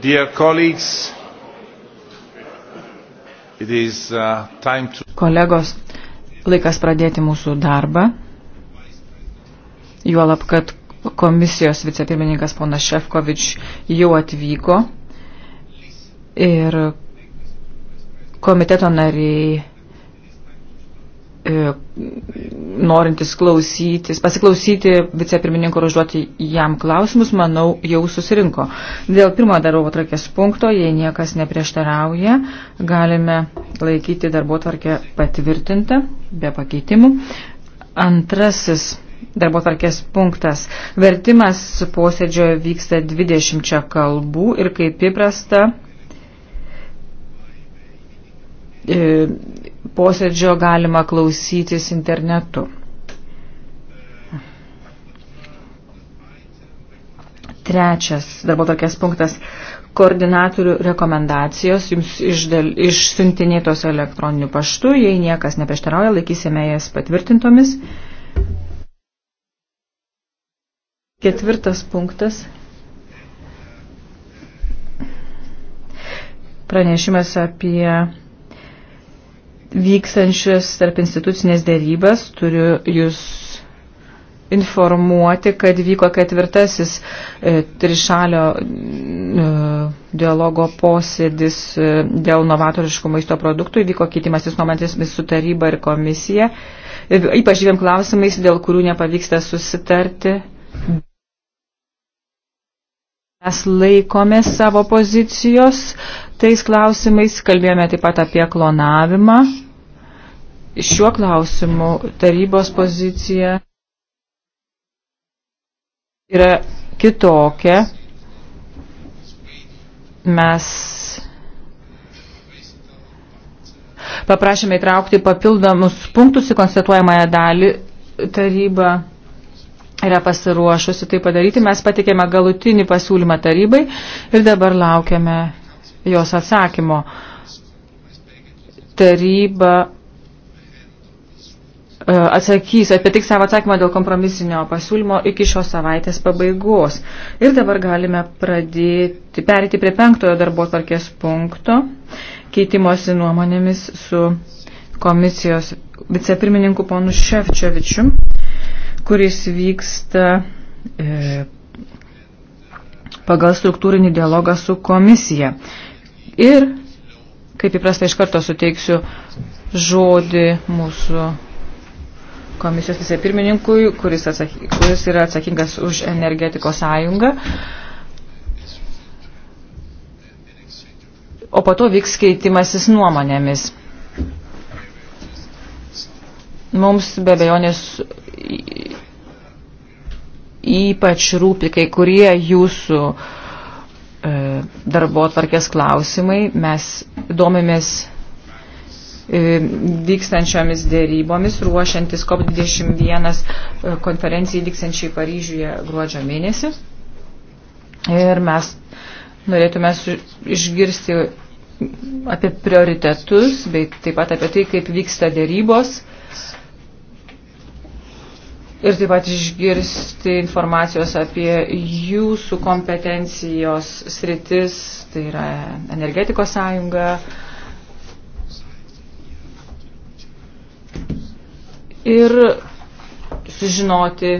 Dear colleagues, it is uh, time to... Kolegos, laikas pradėti mūsų darbą. Juolab, kad komisijos vicepirmininkas ponas Šefkovič jau atvyko ir komiteto nariai E, norintis klausytis, pasiklausyti vicepirmininko ir užduoti jam klausimus, manau, jau susirinko. Dėl pirmo darbo trakės punkto, jei niekas neprieštarauja, galime laikyti darbo tvarkę patvirtintą, be pakeitimų. Antrasis darbo tvarkės punktas. Vertimas posėdžio vyksta 20 kalbų ir kaip įprasta E, posėdžio galima klausytis internetu. Trečias darbo tokias punktas - koordinatorių rekomendacijos jums išdėl, išsiuntinėtos elektroniniu paštu, jei niekas neprieštarauja, laikysime jas patvirtintomis. Ketvirtas punktas pranešimas apie vyksančias tarp institucinės dėrybas. Turiu jūs informuoti, kad vyko ketvirtasis e, trišalio e, dialogo posėdis e, dėl novatoriškų maisto produktų. Įvyko kitimasis momentais su taryba ir komisija. E, ypač dviem klausimais, dėl kurių nepavyksta susitarti. Mes laikomės savo pozicijos tais klausimais, kalbėjome taip pat apie klonavimą. Šiuo klausimu tarybos pozicija yra kitokia. Mes paprašėme įtraukti papildomus punktus į konstatuojamąją dalį tarybą yra pasiruošusi tai padaryti. Mes patikėme galutinį pasiūlymą tarybai ir dabar laukiame jos atsakymo. Taryba e, atsakys, apie tik savo atsakymą dėl kompromisinio pasiūlymo iki šios savaitės pabaigos. Ir dabar galime pradėti, perėti prie penktojo darbo tvarkės punkto, keitimosi nuomonėmis su komisijos vicepirmininku ponu Ševčiovičiu kuris vyksta e, pagal struktūrinį dialogą su komisija. Ir, kaip įprasta, iš karto suteiksiu žodį mūsų komisijos vicepirmininkui, kuris, atsaky, kuris yra atsakingas už energetikos sąjungą. O po to vyks keitimasis nuomonėmis. Mums be bejonės ypač rūpi kai kurie jūsų e, darbo atvarkės klausimai. Mes domimės e, vykstančiomis dėrybomis, ruošiantis COP21 e, konferencijai vykstančiai Paryžiuje gruodžio mėnesį. Ir mes norėtume išgirsti apie prioritetus, bei taip pat apie tai, kaip vyksta dėrybos ir taip pat išgirsti informacijos apie jūsų kompetencijos sritis, tai yra energetikos sąjunga. Ir sužinoti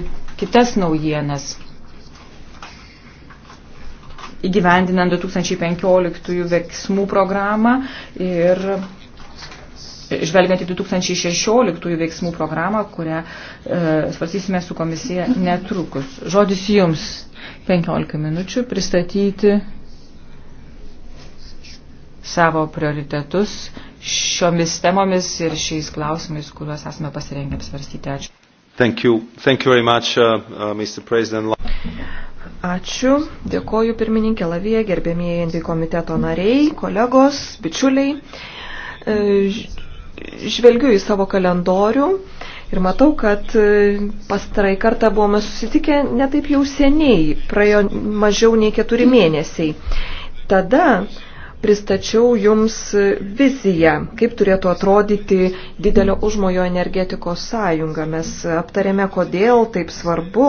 kitas naujienas. Įgyvendinant 2015 veiksmų programą ir žvelgiant į 2016 veiksmų programą, kurią e, svarstysime su komisija netrukus. Žodis jums 15 minučių pristatyti savo prioritetus šiomis temomis ir šiais klausimais, kuriuos esame pasirengę apsvarstyti. Ačiū. Thank you. Thank you very much, uh, uh, Mr. President. Ačiū. Dėkoju pirmininkė Lavija, gerbėmieji komiteto nariai, kolegos, bičiuliai. Uh, žvelgiu į savo kalendorių ir matau, kad e, pastarai kartą buvome susitikę netaip jau seniai, praėjo mažiau nei keturi mėnesiai. Tada pristačiau jums viziją, kaip turėtų atrodyti didelio užmojo energetikos sąjunga. Mes aptarėme, kodėl taip svarbu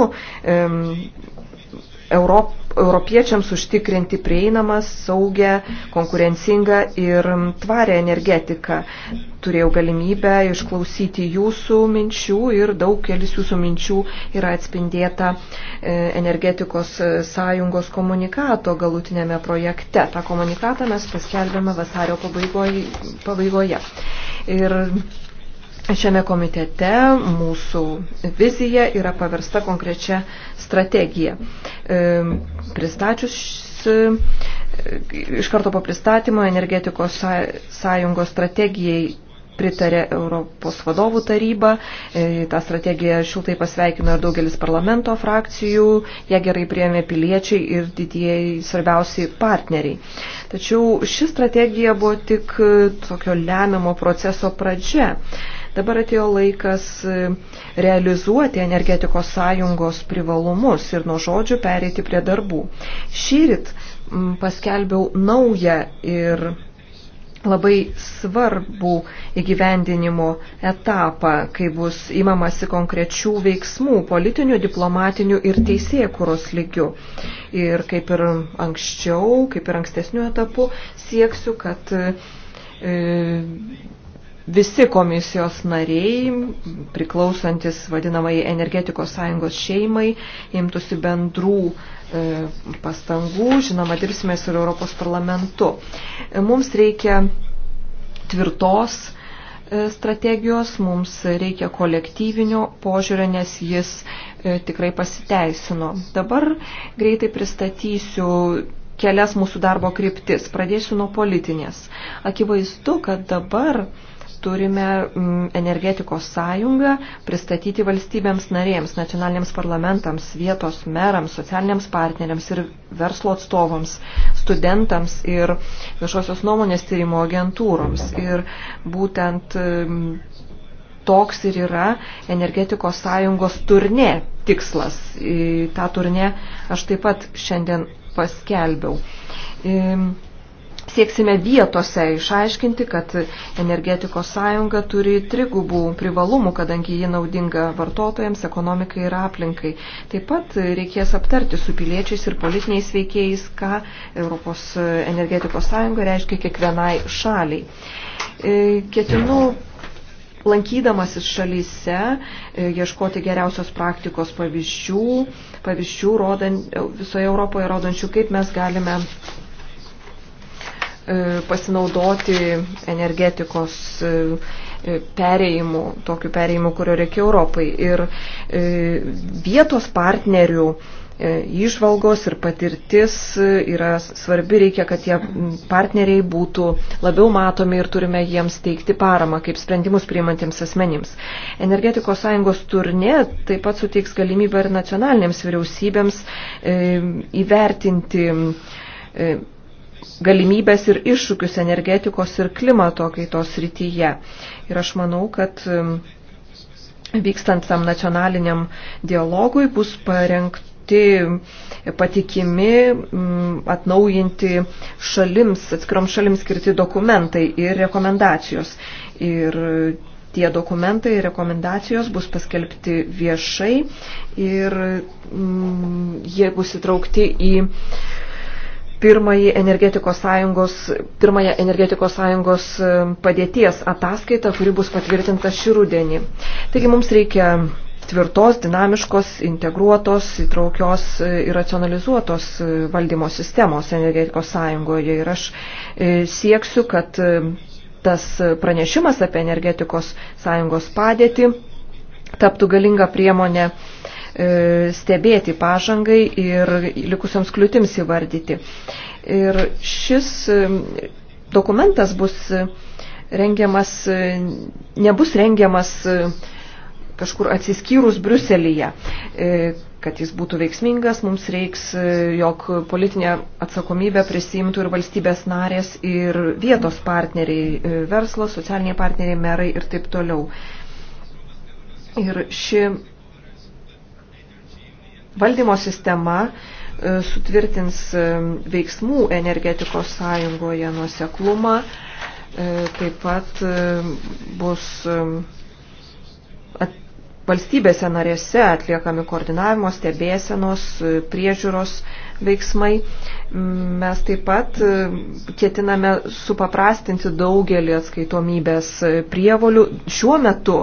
Europ, europiečiams užtikrinti prieinamą, saugę, konkurencingą ir tvarę energetiką. Turėjau galimybę išklausyti jūsų minčių ir daug kelis jūsų minčių yra atspindėta e, energetikos sąjungos komunikato galutinėme projekte. Ta komunikatą mes paskelbėme vasario pabaigoje. Ir Šiame komitete mūsų vizija yra paversta konkrečia strategiją. E, pristačius e, iš karto po pristatymo energetikos sąjungos strategijai pritarė Europos vadovų taryba. E, Ta strategija šiltai pasveikino ir daugelis parlamento frakcijų, ją gerai priėmė piliečiai ir didieji svarbiausiai partneriai. Tačiau ši strategija buvo tik tokio lemiamo proceso pradžia. Dabar atėjo laikas e, realizuoti energetikos sąjungos privalumus ir nuo žodžių pereiti prie darbų. Šyrit paskelbiau naują ir labai svarbų įgyvendinimo etapą, kai bus imamasi konkrečių veiksmų politinių, diplomatinių ir teisėkuros lygių. Ir kaip ir anksčiau, kaip ir ankstesniu etapu, sieksiu, kad e, visi komisijos nariai, priklausantis vadinamai energetikos sąjungos šeimai, imtųsi bendrų e, pastangų, žinoma, dirbsime su Europos parlamentu. E, mums reikia tvirtos e, strategijos, mums reikia kolektyvinio požiūrio, nes jis tikrai pasiteisino. Dabar greitai pristatysiu kelias mūsų darbo kryptis. Pradėsiu nuo politinės. Akivaizdu, kad dabar turime mm, energetikos sąjungą pristatyti valstybėms narėms, nacionaliniams parlamentams, vietos merams, socialiniams partneriams ir verslo atstovams, studentams ir viešosios nuomonės tyrimo agentūroms. Ir būtent mm, toks ir yra energetikos sąjungos turnė tikslas. Į tą turnė aš taip pat šiandien paskelbiau. Ir sieksime vietose išaiškinti, kad energetikos sąjunga turi trigubų privalumų, kadangi ji naudinga vartotojams, ekonomikai ir aplinkai. Taip pat reikės aptarti su piliečiais ir politiniais veikėjais, ką Europos energetikos sąjunga reiškia kiekvienai šaliai. E, ketinu lankydamasis šalyse e, ieškoti geriausios praktikos pavyzdžių, pavyzdžių rodant, visoje Europoje rodančių, kaip mes galime E, pasinaudoti energetikos e, e, perėjimu, tokiu perėjimu, kurio reikia Europai. Ir vietos partnerių išvalgos ir patirtis yra svarbi, reikia, kad tie partneriai būtų labiau matomi ir turime jiems teikti paramą kaip sprendimus priimantiems asmenims. Energetikos sąjungos turnė taip pat suteiks galimybę ir nacionalinėms vyriausybėms įvertinti galimybės ir iššūkius energetikos ir klimato kaitos rytyje. Ir aš manau, kad um, vykstant tam nacionaliniam dialogui bus parengta patikimi, um, atnaujinti šalims, atskirom šalims skirti dokumentai ir rekomendacijos. Ir uh, tie dokumentai ir rekomendacijos bus paskelbti viešai ir mm, jie bus įtraukti į pirmąjį energetikos sąjungos, pirmąją energetikos sąjungos e, padėties ataskaitą, kuri bus patvirtinta šį rudenį. Taigi mums reikia tvirtos, dinamiškos, integruotos, įtraukios e, ir racionalizuotos e, valdymo sistemos energetikos sąjungoje. Ir aš sieksiu, kad tas pranešimas apie energetikos sąjungos padėtį taptų galinga priemonė uh, E, stebėti pažangai ir likusioms kliūtims įvardyti. Ir šis e, dokumentas bus rengiamas, e, nebus rengiamas kažkur atsiskyrus Bruselėje. Kad jis būtų veiksmingas, mums reiks, jog politinė atsakomybė prisimtų ir valstybės narės, ir vietos partneriai, verslas, socialiniai partneriai, merai ir taip toliau. Ir ši Valdymo sistema e, sutvirtins e, veiksmų energetikos sąjungoje nuoseklumą, e, taip pat bus at, valstybėse narėse atliekami koordinavimo, stebėsenos, priežiūros veiksmai. Mes taip pat ketiname supaprastinti daugelį atskaitomybės prievolių. Šiuo metu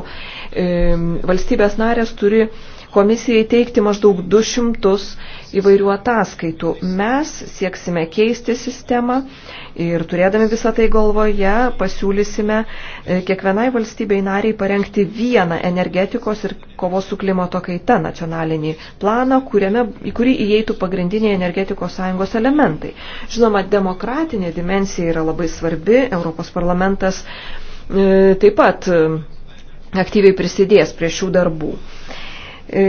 valstybės narės turi komisijai teikti maždaug 200 įvairių ataskaitų. Mes sieksime keisti sistemą ir turėdami visą tai galvoje pasiūlysime e, kiekvienai valstybei nariai parengti vieną energetikos ir kovos su klimato kaita nacionalinį planą, kuriame, į kurį įeitų pagrindiniai energetikos sąjungos elementai. Žinoma, demokratinė dimensija yra labai svarbi. Europos parlamentas e, taip pat e, aktyviai prisidės prie šių darbų. E,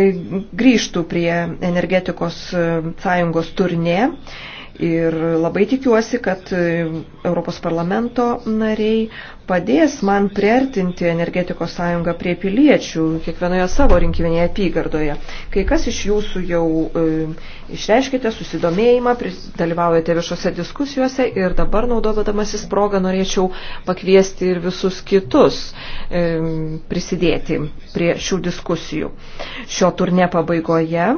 grįžtų prie energetikos e, sąjungos turnė Ir labai tikiuosi, kad e, Europos parlamento nariai padės man priartinti energetikos sąjungą prie piliečių kiekvienoje savo rinkiminėje apygardoje. Kai kas iš jūsų jau e, išreiškite susidomėjimą, dalyvaujate viešose diskusijose ir dabar naudodamasis progą norėčiau pakviesti ir visus kitus e, prisidėti prie šių diskusijų. Šio turne pabaigoje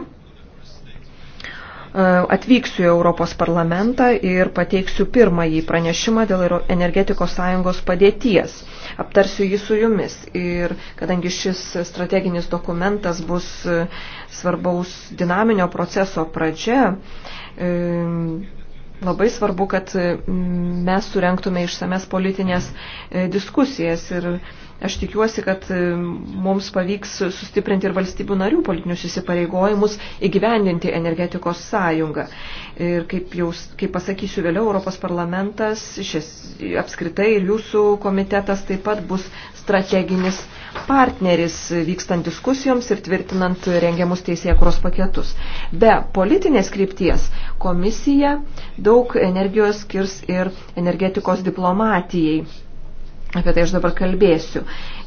atvyksiu į Europos parlamentą ir pateiksiu pirmąjį pranešimą dėl energetikos sąjungos padėties. Aptarsiu jį su jumis ir kadangi šis strateginis dokumentas bus e, svarbaus dinaminio proceso pradžia, e, labai svarbu, kad mes surenktume išsames politinės e, diskusijas ir Aš tikiuosi, kad e, mums pavyks sustiprinti ir valstybių narių politinius įsipareigojimus įgyvendinti energetikos sąjungą. Ir kaip, jau, kaip pasakysiu vėliau, Europos parlamentas, šis, apskritai ir jūsų komitetas taip pat bus strateginis partneris vykstant diskusijoms ir tvirtinant rengiamus teisėkuros paketus. Be politinės krypties komisija daug energijos skirs ir energetikos diplomatijai Apie tai aš dabar kalbėsiu.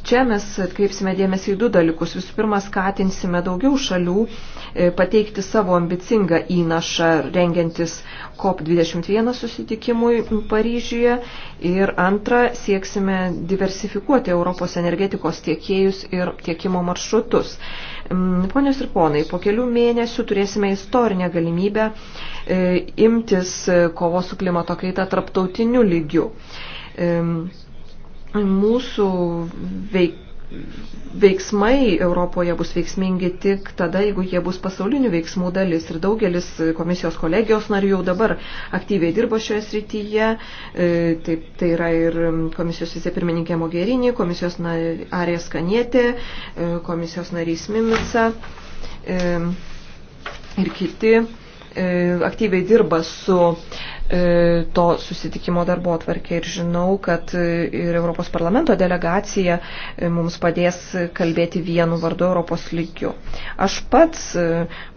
Čia mes atkreipsime dėmesį į du dalykus. Visų pirma, skatinsime daugiau šalių e, pateikti savo ambicingą įnašą rengiantis COP21 susitikimui Paryžiuje. Ir antra, sieksime diversifikuoti Europos energetikos tiekėjus ir tiekimo maršrutus. Mm, ponios ir ponai, po kelių mėnesių turėsime istorinę galimybę e, imtis e, kovos su klimato kaita tarptautiniu lygiu mūsų veik, veiksmai Europoje bus veiksmingi tik tada, jeigu jie bus pasaulinių veiksmų dalis. Ir daugelis komisijos kolegijos narių jau dabar aktyviai dirbo šioje srityje. E, taip, tai yra ir komisijos vicepirmininkė Mogherini, komisijos narė Skanietė, e, komisijos narys Mimica e, ir kiti aktyviai dirba su E, to susitikimo darbo atvarkė ir žinau, kad e, ir Europos parlamento delegacija e, mums padės kalbėti vienu vardu Europos lygiu. Aš pats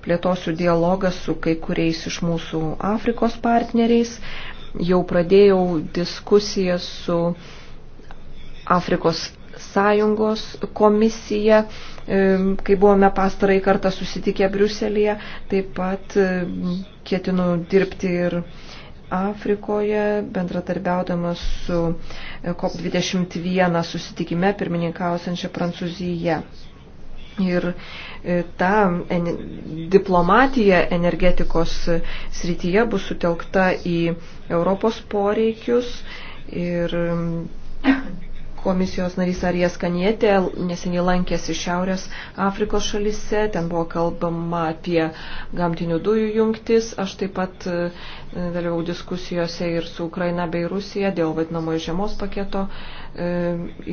plėtosiu dialogą su kai kuriais iš mūsų Afrikos partneriais. Jau pradėjau diskusiją su Afrikos sąjungos komisija, kai buvome pastarąjį kartą susitikę Briuselėje, taip pat ketinu dirbti ir Afrikoje, bendradarbiaudamas su e, COP21 susitikime pirmininkausiančia Prancūzija. Ir e, ta en, diplomatija energetikos srityje bus sutelkta į Europos poreikius ir Komisijos narys Arijas Kanietė neseniai lankėsi Šiaurės Afrikos šalise, ten buvo kalbama apie gamtinių dujų jungtis. Aš taip pat e, dalyvau diskusijose ir su Ukraina bei Rusija dėl vadinamojo žiemos paketo e,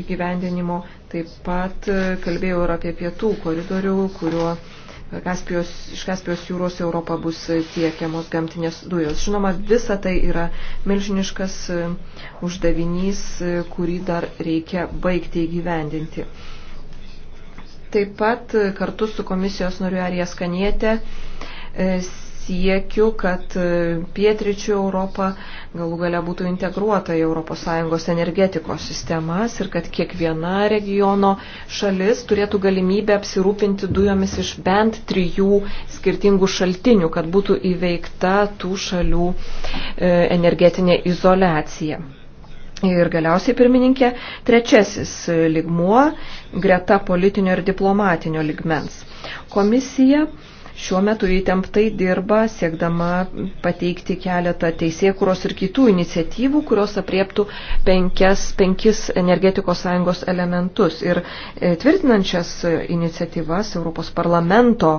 įgyvendinimo. Taip pat e, kalbėjau ir apie pietų koridorių, kuriuo Kaspijos, iš Kaspijos jūros Europą bus tiekiamos gamtinės dujos. Žinoma, visa tai yra milžiniškas e, uždavinys, e, kurį dar reikia baigti įgyvendinti. Taip pat e, kartu su komisijos noriu Arijas Kanietė siekiu, kad e, pietričių Europa galų gale būtų integruota į ES energetikos sistemas ir kad kiekviena regiono šalis turėtų galimybę apsirūpinti dujomis iš bent trijų skirtingų šaltinių, kad būtų įveikta tų šalių e, energetinė izolacija. Ir galiausiai, pirmininkė, trečiasis e, ligmuo greta politinio ir diplomatinio ligmens. Komisija šiuo metu įtemptai dirba, siekdama pateikti keletą teisėkuros ir kitų iniciatyvų, kurios apriektų penkias, penkis energetikos sąjungos elementus. Ir e, tvirtinančias iniciatyvas Europos parlamento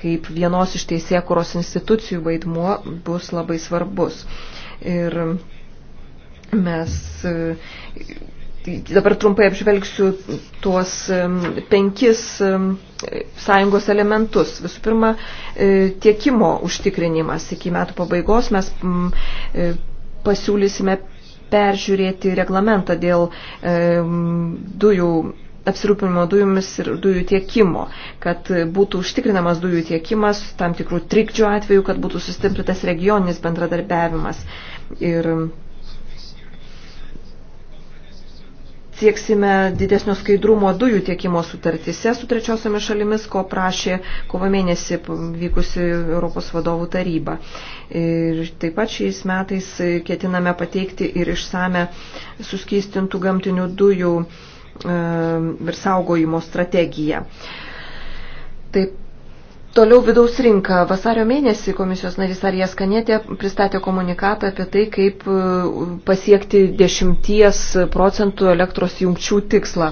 kaip vienos iš teisėkuros institucijų vaidmuo bus labai svarbus. Ir mes e, Dabar trumpai apžvelgsiu tuos penkis sąjungos elementus. Visų pirma, e, tiekimo užtikrinimas. Iki metų pabaigos mes e, pasiūlysime peržiūrėti reglamentą dėl dujų apsirūpinimo dujomis ir dujų tiekimo, kad būtų užtikrinamas dujų tiekimas, tam tikrų trikdžių atveju, kad būtų sustiprintas regioninis bendradarbiavimas. Ir sieksime didesnio skaidrumo dujų tiekimo sutartise su trečiosiomis šalimis, ko prašė kovo mėnesį vykusi Europos vadovų taryba. Ir taip pat šiais metais ketiname pateikti ir išsame suskystintų gamtinių dujų e, ir saugojimo strategiją. Taip Toliau vidaus rinka. Vasario mėnesį komisijos narys Arijas Kanėtė pristatė komunikatą apie tai, kaip e, pasiekti 10 procentų elektros jungčių tikslą.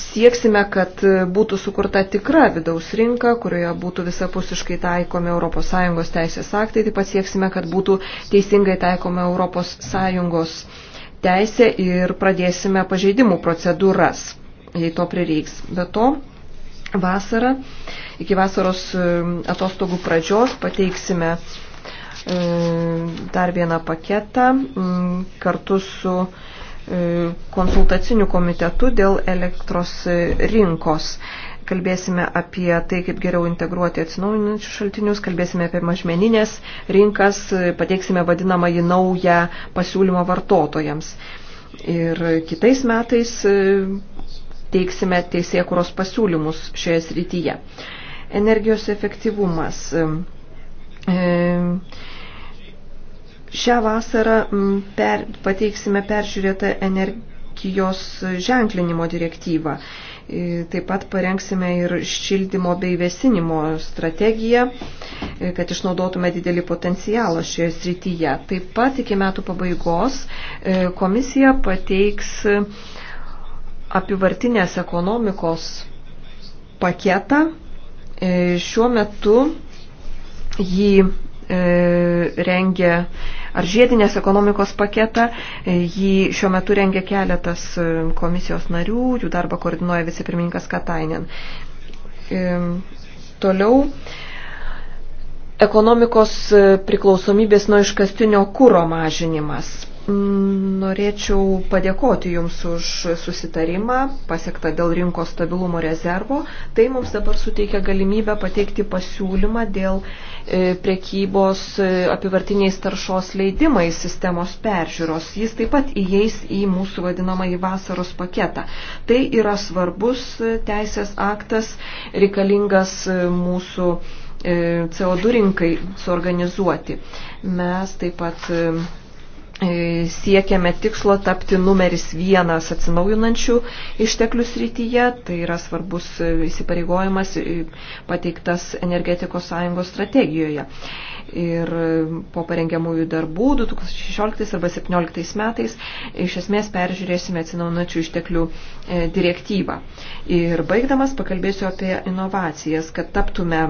Sieksime, kad būtų sukurta tikra vidaus rinka, kurioje būtų visapusiškai taikomi ES teisės aktai, taip pat sieksime, kad būtų teisingai taikomi ES teisė ir pradėsime pažeidimų procedūras jei to prireiks. Be to, vasarą, iki vasaros e, atostogų pradžios pateiksime e, dar vieną paketą kartu su e, konsultaciniu komitetu dėl elektros rinkos. Kalbėsime apie tai, kaip geriau integruoti atsinaujinančius šaltinius, kalbėsime apie mažmeninės rinkas, pateiksime vadinamąjį naują pasiūlymą vartotojams. Ir kitais metais teiksime teisėkuros pasiūlymus šioje srityje. Energijos efektyvumas. Šią vasarą per, pateiksime peržiūrėtą energijos ženklinimo direktyvą. E, taip pat parengsime ir šildymo bei vėsinimo strategiją, e, kad išnaudotume didelį potencialą šioje srityje. Taip pat iki metų pabaigos e, komisija pateiks apivartinės ekonomikos paketą. E, šiuo metu jį e, rengia ar žiedinės ekonomikos paketą. E, jį šiuo metu rengia keletas komisijos narių, jų darbą koordinuoja vicepirmininkas Katainen. Toliau. Ekonomikos priklausomybės nuo iškastinio kūro mažinimas. Norėčiau padėkoti Jums už susitarimą pasiektą dėl rinkos stabilumo rezervo. Tai mums dabar suteikia galimybę pateikti pasiūlymą dėl e, priekybos e, apivartiniais taršos leidimais sistemos peržiūros. Jis taip pat įeis į mūsų vadinamąjį vasaros paketą. Tai yra svarbus e, teisės aktas reikalingas mūsų CO2 rinkai suorganizuoti. Mes taip pat E, siekiame tikslo tapti numeris vienas atsinaujinančių išteklių srityje. Tai yra svarbus e, įsipareigojimas e, pateiktas energetikos sąjungos strategijoje. Ir po parengiamųjų darbų 2016 arba 2017 metais iš esmės peržiūrėsime atsinaujinančių išteklių direktyvą. Ir baigdamas pakalbėsiu apie inovacijas, kad taptume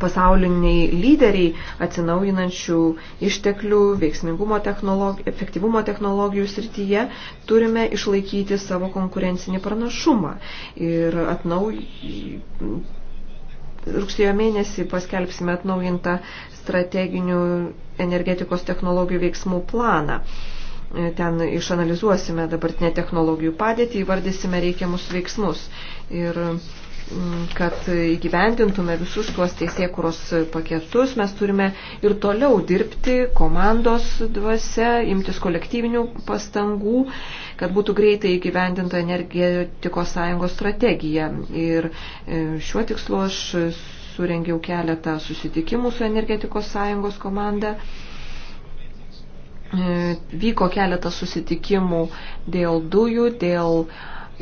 pasauliniai lyderiai atsinaujinančių išteklių, veiksmingumo technologijų, efektyvumo technologijų srityje, turime išlaikyti savo konkurencinį pranašumą. Ir atnauj... rugsėjo mėnesį paskelbsime atnaujintą strateginių energetikos technologijų veiksmų planą. Ten išanalizuosime dabartinę technologijų padėtį, įvardysime reikiamus veiksmus. Ir kad įgyvendintume visus tuos teisėkuros paketus, mes turime ir toliau dirbti komandos dvasia, imtis kolektyvinių pastangų, kad būtų greitai įgyvendinta energetikos sąjungos strategija. Ir e, šiuo tikslu aš surengiau keletą susitikimų su energetikos sąjungos komanda e, vyko keletas susitikimų dėl dujų, dėl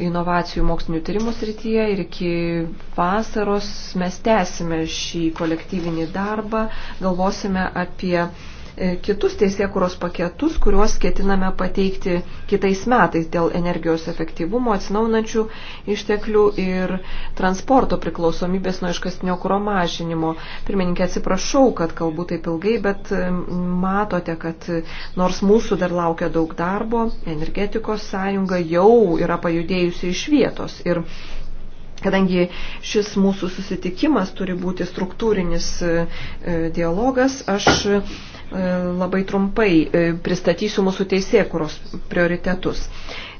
inovacijų mokslinių tyrimų srityje ir iki vasaros mes tęsime šį kolektyvinį darbą, galvosime apie E, kitus teisėkuros paketus, kuriuos ketiname pateikti kitais metais dėl energijos efektyvumo, atsinaunančių išteklių ir transporto priklausomybės nuo iškastinio kūro mažinimo. Pirmininkė, atsiprašau, kad kalbu taip ilgai, bet e, matote, kad nors mūsų dar laukia daug darbo, energetikos sąjunga jau yra pajudėjusi iš vietos. Ir Kadangi šis mūsų susitikimas turi būti struktūrinis e, e, dialogas, aš e, labai trumpai pristatysiu mūsų teisėkuros prioritetus.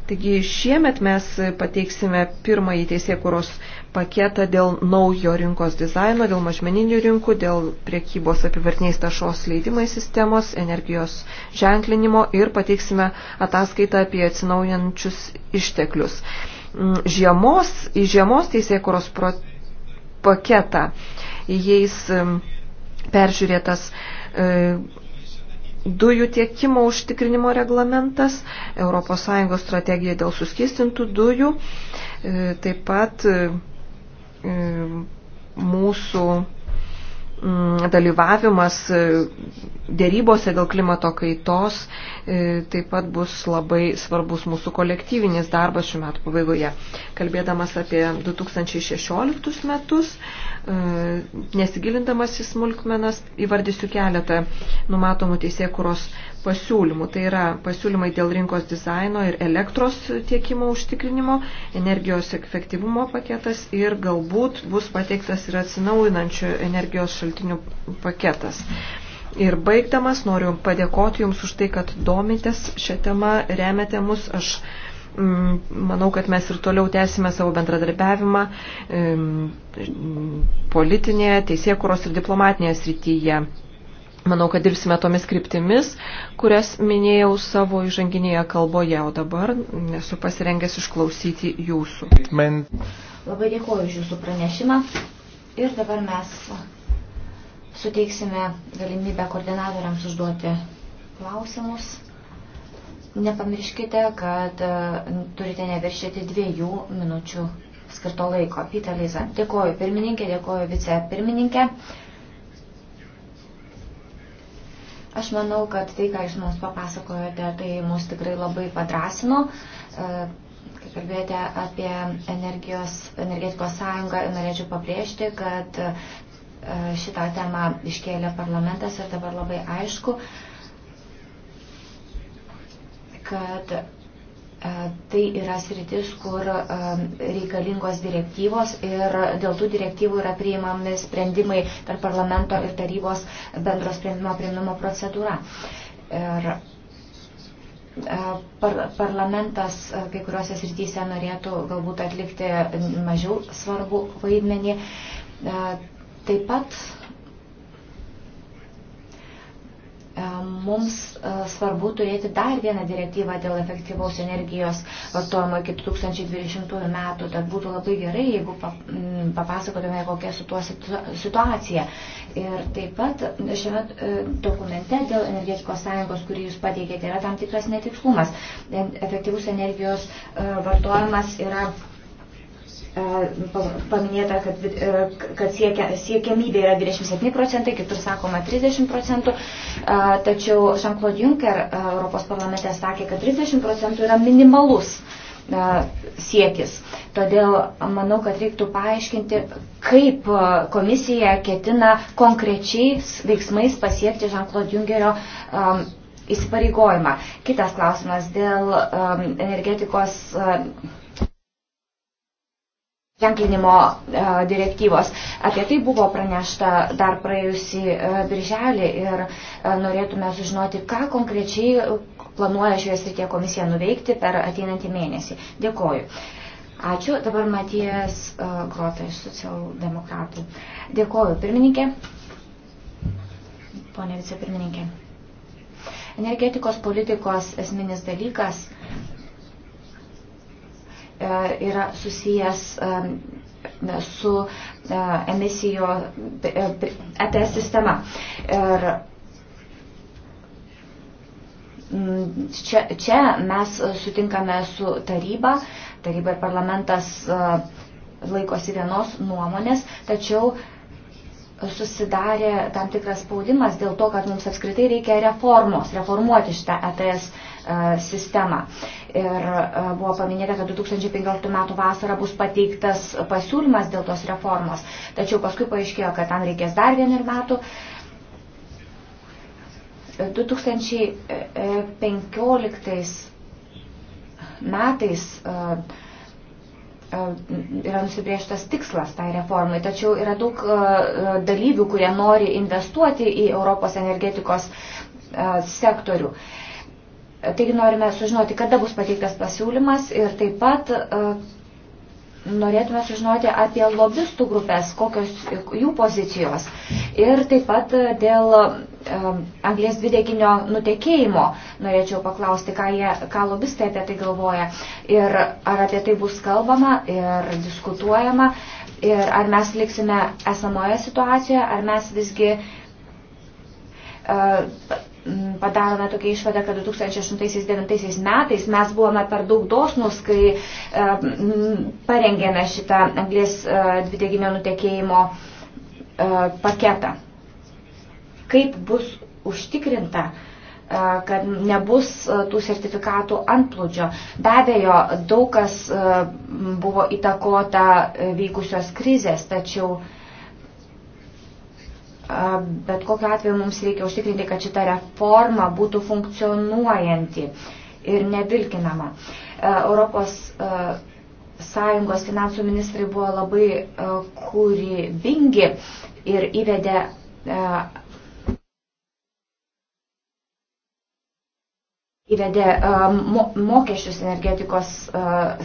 Taigi šiemet mes pateiksime pirmąjį teisėkuros paketą dėl naujo rinkos dizaino, dėl mažmeninių rinkų, dėl priekybos apivartiniais tašos leidimai sistemos, energijos ženklinimo ir pateiksime ataskaitą apie atsinaujančius išteklius. Mm, žiemos, į žiemos teisėkuros paketą. Jais mm, peržiūrėtas e, dujų tiekimo užtikrinimo reglamentas, ES strategija dėl suskistintų dujų, e, taip pat e, mūsų Mm, dalyvavimas e, dėrybose dėl klimato kaitos e, taip pat bus labai svarbus mūsų kolektyvinis darbas šių metų pabaigoje. Kalbėdamas apie 2016 metus, e, nesigilindamas į smulkmenas, įvardysiu keletą numatomų teisėkuros pasiūlymų. Tai yra pasiūlymai dėl rinkos dizaino ir elektros tiekimo užtikrinimo, energijos efektyvumo paketas ir galbūt bus pateiktas ir atsinaujinančių energijos šaltinių paketas. Ir baigdamas noriu padėkoti Jums už tai, kad domitės šią temą, remiate mus. Aš mm, manau, kad mes ir toliau tęsime savo bendradarbiavimą mm, politinėje, teisėkuros ir diplomatinėje srityje. Manau, kad dirbsime tomis kryptimis, kurias minėjau savo įžanginėje kalboje, o dabar nesu pasirengęs išklausyti jūsų. Labai dėkuoju už jūsų pranešimą ir dabar mes suteiksime galimybę koordinatoriams užduoti klausimus. Nepamirškite, kad e, turite neviršyti dviejų minučių skirto laiko. Pita Liza, dėkoju pirmininkė, dėkoju vicepirmininkė. pirmininkė. Aš manau, kad tai, ką jūs mums papasakojote, tai mus tikrai labai padrasino. E, kai kalbėjote apie energijos, energetikos sąjungą, norėčiau pabrėžti, kad e, šitą temą iškėlė parlamentas ir dabar labai aišku, kad E, tai yra sritis, kur e, reikalingos direktyvos ir dėl tų direktyvų yra priimami sprendimai per parlamento ir tarybos bendro sprendimo priimimo procedūrą. Ir e, par parlamentas kai kuriuose srityse norėtų galbūt atlikti mažiau svarbu vaidmenį. Taip pat E, mums e, svarbu turėti dar vieną direktyvą dėl efektyvaus energijos vartojimo iki 2020 metų. Tad būtų labai gerai, jeigu papasakotume, kokia su tuo situacija. Ir taip pat šiame e, dokumente dėl energetikos sąjungos, kurį jūs pateikėte, yra tam tikras netikslumas. Efektyvus energijos vartojimas yra E, paminėta, kad, e, kad siekia, siekiamybė yra 27 procentai, kitur sakoma 30 procentų, e, tačiau Jean-Claude Juncker Europos parlamente sakė, kad 30 procentų yra minimalus siekis. Todėl manau, kad reiktų paaiškinti, kaip komisija ketina konkrečiais veiksmais pasiekti Jean-Claude Jungerio įsipareigojimą. Kitas klausimas dėl energetikos ženklinimo e, direktyvos. Apie tai buvo pranešta dar praėjusi e, birželį ir e, norėtume sužinoti, ką konkrečiai planuoja šioje srityje komisija nuveikti per ateinantį mėnesį. Dėkoju. Ačiū. Dabar Matijas Grota iš socialdemokratų. Dėkoju, pirmininkė. Pone vicepirmininkė. Energetikos politikos esminis dalykas E, yra susijęs e, su e, emisijo ETS sistema. Ir mm, čia, čia mes sutinkame su taryba, taryba ir parlamentas laikosi vienos nuomonės, tačiau susidarė tam tikras spaudimas dėl to, kad mums apskritai reikia reformos, reformuoti šitą ETS E, sistemą. Ir e, buvo paminėta, kad 2015 metų vasarą bus pateiktas pasiūlymas dėl tos reformos, tačiau paskui paaiškėjo, kad tam reikės dar viener metų. 2015 metais e, yra nusibrieštas tikslas tai reformai, tačiau yra daug dalyvių, kurie nori investuoti į Europos energetikos sektorių. Taigi norime sužinoti, kada bus pateiktas pasiūlymas ir taip pat e, norėtume sužinoti apie lobistų grupės, kokios jų pozicijos. Ir taip pat dėl e, anglės dvideginio nutekėjimo norėčiau paklausti, ką, jie, ką lobistai apie tai galvoja ir ar apie tai bus kalbama ir diskutuojama ir ar mes liksime esamoje situacijoje, ar mes visgi. Uh, padarome tokią išvadą, kad 2008-2009 metais mes buvome per daug dosnus, kai e, parengėme šitą anglės e, dvideginio nutekėjimo e, paketą. Kaip bus užtikrinta, kad nebus tų sertifikatų antplūdžio. Be abejo, daug kas buvo įtakota vykusios krizės, tačiau bet kokiu atveju mums reikia užtikrinti, kad šita reforma būtų funkcionuojanti ir nevilkinama. Europos Sąjungos finansų ministrai buvo labai kūrybingi ir įvedė įvedė mokesčius energetikos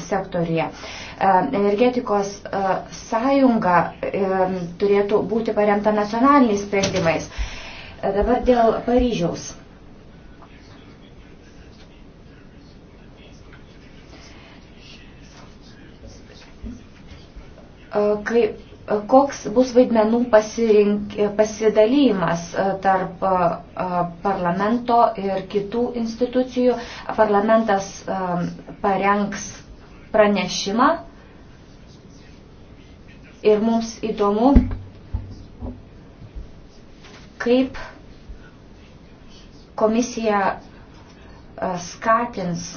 sektorija. E, energetikos e, sąjunga e, turėtų būti paremta nacionaliniais sprendimais. Dabar dėl Paryžiaus. Kai, koks bus vaidmenų pasirink, pasidalymas tarp parlamento ir kitų institucijų? Parlamentas parengs pranešimą ir mums įdomu, kaip komisija e, skatins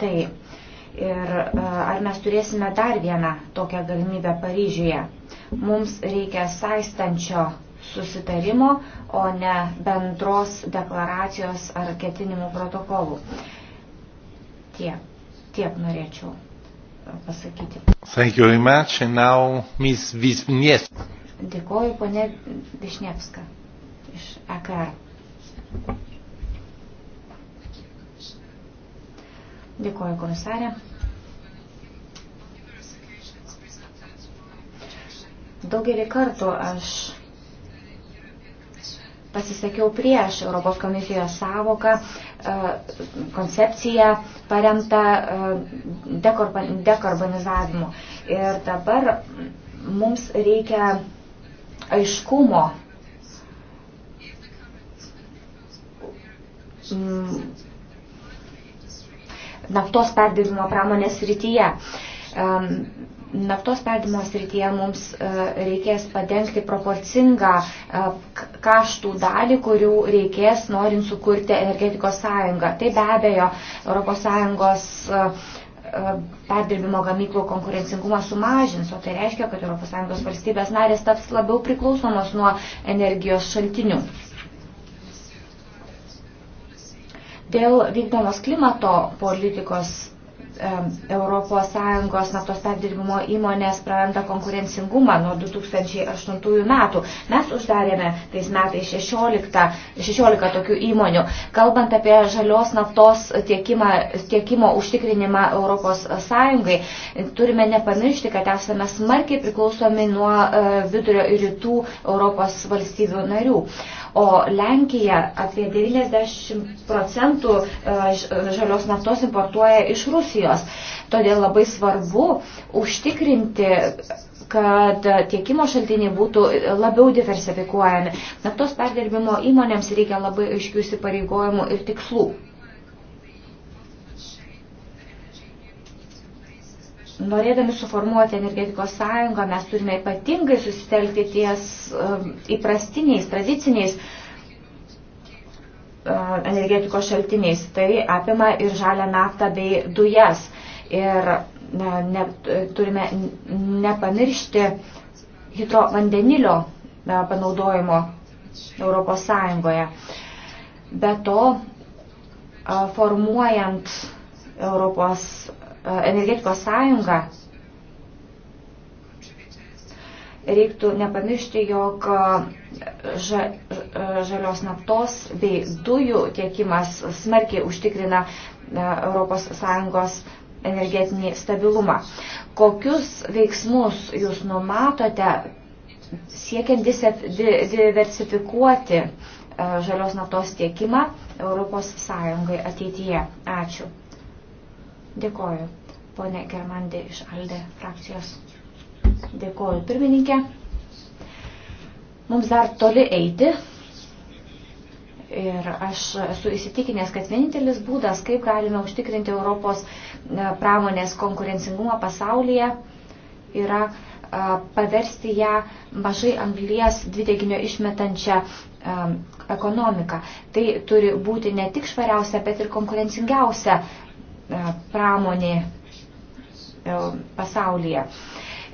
tai. Ir e, ar mes turėsime dar vieną tokią galimybę Paryžiuje. Mums reikia saistančio susitarimo, o ne bendros deklaracijos ar ketinimų protokolų. Tiek, tiek norėčiau pasakyti. Thank you very much. And now Ms. Visnievska. Dėkoju, ponė Višnievska iš AKR. Dėkoju, komisarė. Daugelį kartų aš pasisakiau prieš Europos komisijos savoką, e, koncepciją paremtą e, dekarbonizavimu. Ir dabar mums reikia aiškumo mm. naftos perdirbimo pramonės rytyje naftos perdimo srityje mums e, reikės padengti proporcingą e, kaštų dalį, kurių reikės norint sukurti energetikos sąjungą. Tai be abejo ES e, perdirbimo gamyklų konkurencingumą sumažins, o tai reiškia, kad ES valstybės narės taps labiau priklausomos nuo energijos šaltinių. Dėl vykdomos klimato politikos ES naftos perdirbimo įmonės praranda konkurencingumą nuo 2008 metų. Mes uždarėme tais metais 16, 16 tokių įmonių. Kalbant apie žalios naftos tiekimą, tiekimo užtikrinimą ES, turime nepamiršti, kad esame smarkiai priklausomi nuo e, vidurio ir rytų Europos valstybių narių o Lenkija apie 90 procentų e, žalios naftos importuoja iš Rusijos. Todėl labai svarbu užtikrinti kad tiekimo šaltiniai būtų labiau diversifikuojami. Naftos perdirbimo įmonėms reikia labai aiškių įsipareigojimų ir tikslų. norėdami suformuoti energetikos sąjungą, mes turime ypatingai susitelkti ties um, įprastiniais, tradiciniais uh, energetikos šaltiniais. Tai apima ir žalę naftą bei dujas. Ir na, ne, turime nepamiršti hidrovandenilio panaudojimo Europos Sąjungoje. Be to, uh, formuojant Europos E, energetikos sąjungą, reiktų nepamiršti, jog e, ža, e, žalios naftos bei dujų tiekimas smarkiai užtikrina ES energetinį stabilumą. Kokius veiksmus jūs numatote siekiant diversifikuoti žalios naftos tiekimą ES ateityje? Ačiū. Dėkoju. Pone Germandė iš Alde frakcijos. Dėkoju, pirmininkė. Mums dar toli eiti. Ir aš esu įsitikinęs, kad vienintelis būdas, kaip galime užtikrinti Europos e, pramonės konkurencingumą pasaulyje, yra e, paversti ją mažai anglies dvideginio išmetančią e, ekonomiką. Tai turi būti ne tik švariausia, bet ir konkurencingiausia E, pramonė e, pasaulyje.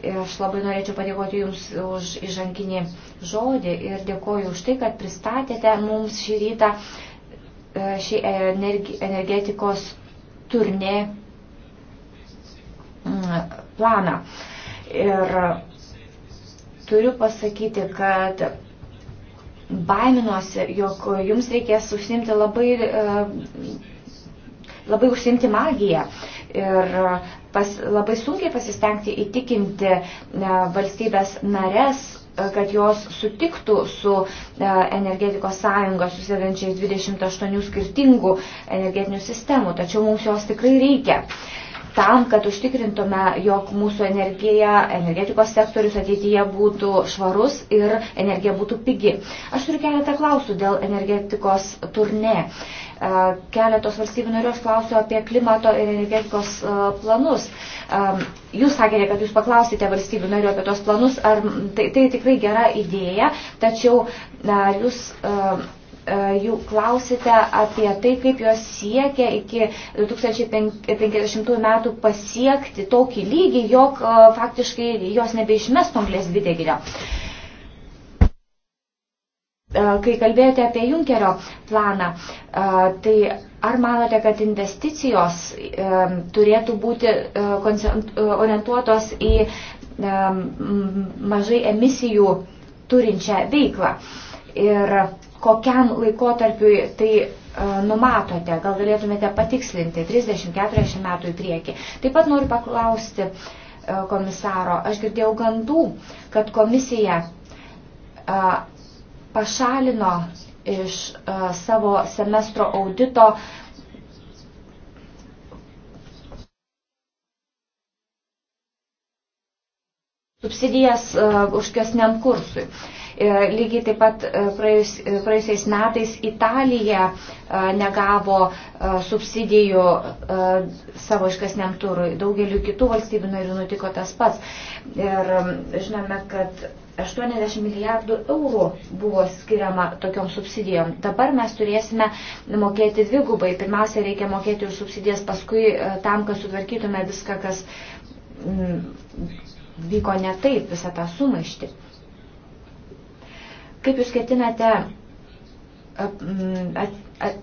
Ir aš labai norėčiau padėkoti Jums už įžankinį žodį ir dėkoju už tai, kad pristatėte mums šį rytą e, šį energetikos turnė planą. Ir turiu pasakyti, kad baiminuosi, jog jums reikės užsimti labai labai užsimti magiją ir e, pas, labai sunkiai pasistengti įtikinti e, valstybės nares e, kad jos sutiktų su energetikos sąjunga susidančiais 28 skirtingų energetinių sistemų, tačiau mums jos tikrai reikia. Uh, tam, kad užtikrintume, jog mūsų energija, energetikos sektorius ateityje būtų švarus ir energija būtų pigi. Aš turiu keletą klausimų dėl energetikos turnė. E, keletos valstybių narių aš klausiu apie klimato ir energetikos e, planus. E, jūs sakėte, kad jūs paklausite valstybių narių apie tos planus, ar tai, tai tikrai gera idėja, tačiau jūs E, jų klausite apie tai, kaip jos siekia iki 2050 metų pasiekti tokį lygį, jog e, faktiškai jos nebeišmestų anglės dvideginio. E, kai kalbėjote apie Junkerio planą, tai ar manote, kad investicijos turėtų būti orientuotos į mažai emisijų turinčią veiklą? Ir kokiam laikotarpiui tai e, numatote, gal galėtumėte patikslinti 30-40 metų į priekį. Taip pat noriu paklausti e, komisaro, aš girdėjau gandų, kad komisija e, pašalino iš savo semestro audito subsidijas užkesniam kursui. Uh, E, lygiai taip pat e, praėjus, e, praėjusiais metais Italija negavo subsidijų savo iškasniam turui. Daugeliu kitų valstybių narių nutiko tas pats. Ir žinome, kad 80 milijardų eurų buvo skiriama tokiom subsidijom. Dabar mes turėsime mokėti dvigubai. Pirmiausia, reikia mokėti už subsidijas, paskui tam, kad sutvarkytume viską, kas vyko ne taip, visą tą sumaištį. Kaip jūs ketinate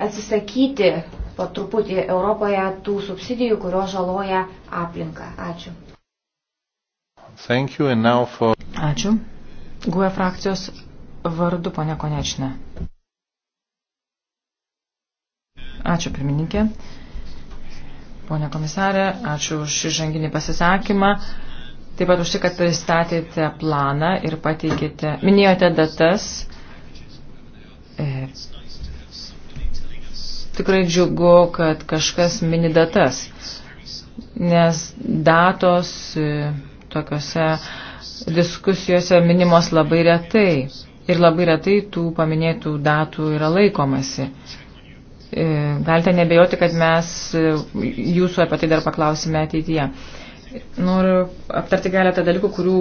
atsisakyti po truputį Europoje tų subsidijų, kurios žaloja aplinką? Ačiū. Thank you and now for... Ačiū. GUE frakcijos vardu, ponia Konečne. Ačiū, pirmininkė. Pone komisarė, ačiū už šį žanginį pasisakymą. Taip pat už tai, kad pristatėte planą ir pateikėte, minėjote datas. E, tikrai džiugu, kad kažkas mini datas, nes datos e, tokiuose diskusijose minimos labai retai ir labai retai tų paminėtų datų yra laikomasi. E, galite nebejoti, kad mes e, jūsų apie tai dar paklausime ateityje. E, Noriu aptarti keletą dalykų, kurių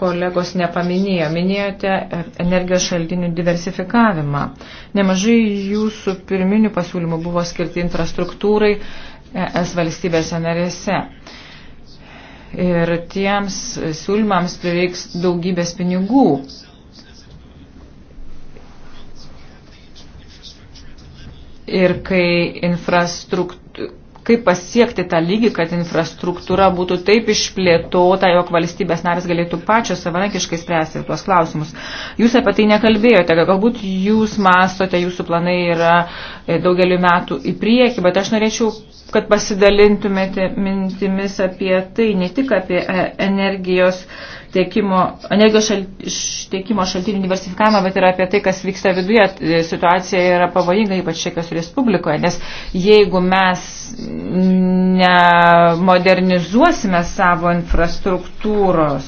kolegos nepaminėjo. Minėjote energijos šaltinių diversifikavimą. Nemažai jūsų pirminių pasiūlymų buvo skirti infrastruktūrai ES valstybėse narėse. Ir tiems siūlymams prireiks daugybės pinigų. Ir kai infrastruktūra kaip pasiekti tą lygį, kad infrastruktūra būtų taip išplėtota, jog valstybės narės galėtų pačios savarankiškai spręsti tuos klausimus. Jūs apie tai nekalbėjote, galbūt jūs mastote, jūsų planai yra e, daugeliu metų į priekį, bet aš norėčiau, kad pasidalintumėte mintimis apie tai, ne tik apie e, energijos tiekimo, energijos šal, tiekimo šaltinių diversifikavimą, bet ir apie tai, kas vyksta viduje. E, situacija yra pavojinga, ypač Čekijos Respublikoje, nes jeigu mes nemodernizuosime savo infrastruktūros,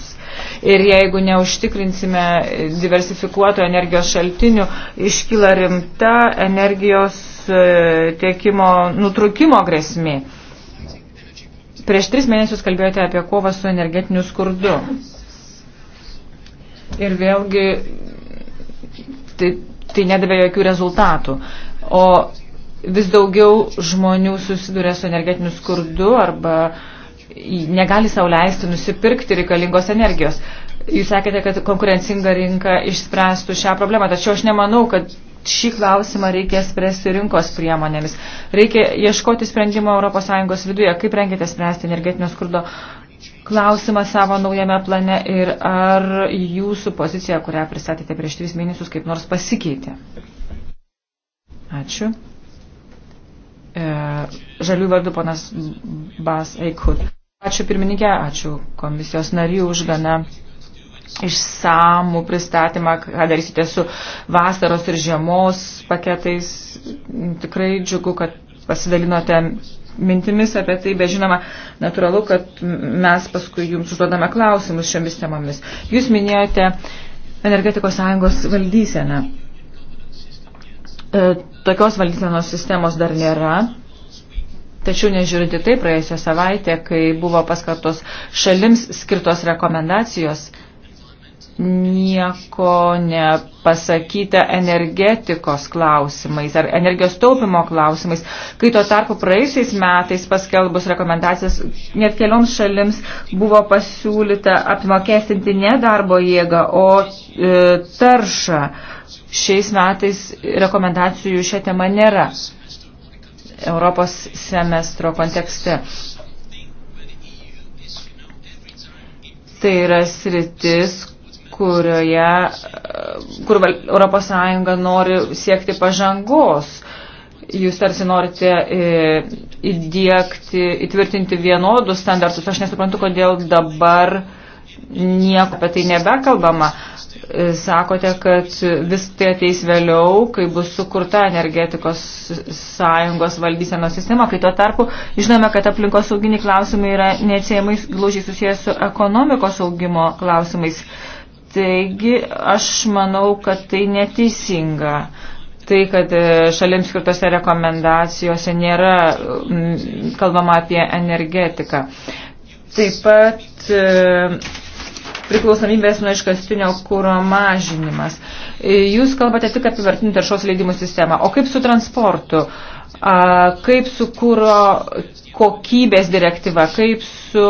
Ir jeigu neužtikrinsime diversifikuoto energijos šaltinių, iškyla rimta energijos e, tiekimo nutrukimo grėsmė. Prieš tris mėnesius kalbėjote apie kovą su energetiniu skurdu ir vėlgi tai, tai nedavė jokių rezultatų. O vis daugiau žmonių susiduria su energetiniu skurdu arba negali sauliaisti nusipirkti reikalingos energijos. Jūs sakėte, kad konkurencinga rinka išspręstų šią problemą, tačiau aš nemanau, kad šį klausimą reikia spręsti rinkos priemonėmis. Reikia ieškoti sprendimo ES viduje, kaip rengėte spręsti energetinio skurdo klausimą savo naujame plane ir ar jūsų pozicija, kurią pristatėte prieš tris mėnesius, kaip nors pasikeitė? Ačiū. E, žalių vardu ponas Bas Eikhut. Ačiū pirmininkė, ačiū komisijos narių už gana išsamų pristatymą, ką darysite su vasaros ir žiemos paketais. Tikrai džiugu, kad pasidalinote mintimis apie tai, bet žinoma, natūralu, kad mes paskui jums užduodame klausimus šiomis temomis. Jūs minėjote energetikos sąjungos valdyseną. E, tokios valdysenos sistemos dar nėra. Tačiau nežiūrinti tai, praėjusią savaitę, kai buvo paskartos šalims skirtos rekomendacijos, nieko nepasakyta energetikos klausimais ar energijos taupimo klausimais, kai tuo tarpu praeisiais metais paskelbus rekomendacijas net kelioms šalims buvo pasiūlyta apmokestinti ne darbo jėgą, o e, taršą. Šiais metais rekomendacijų šią temą nėra Europos semestro kontekste. Tai yra sritis, kurioje, kur ES nori siekti pažangos. Jūs tarsi norite e, įdėkti, įtvirtinti vienodus standartus. Aš nesuprantu, kodėl dabar nieko apie tai nebekalbama. E, sakote, kad vis tai ateis vėliau, kai bus sukurta energetikos sąjungos valdysenos sistema, kai tuo tarpu žinome, kad aplinkos sauginiai klausimai yra neatsiejamai glaužiai susijęs su ekonomikos augimo klausimais. Taigi aš manau, kad tai neteisinga. Tai, kad e, šalims skirtose rekomendacijose nėra kalbama apie energetiką. Taip pat e, priklausomybės nuo iškastinio kūro mažinimas. E, jūs kalbate tik apie vertinių taršos leidimų sistemą. O kaip su transportu? Kaip su kūro kokybės direktyva? Kaip su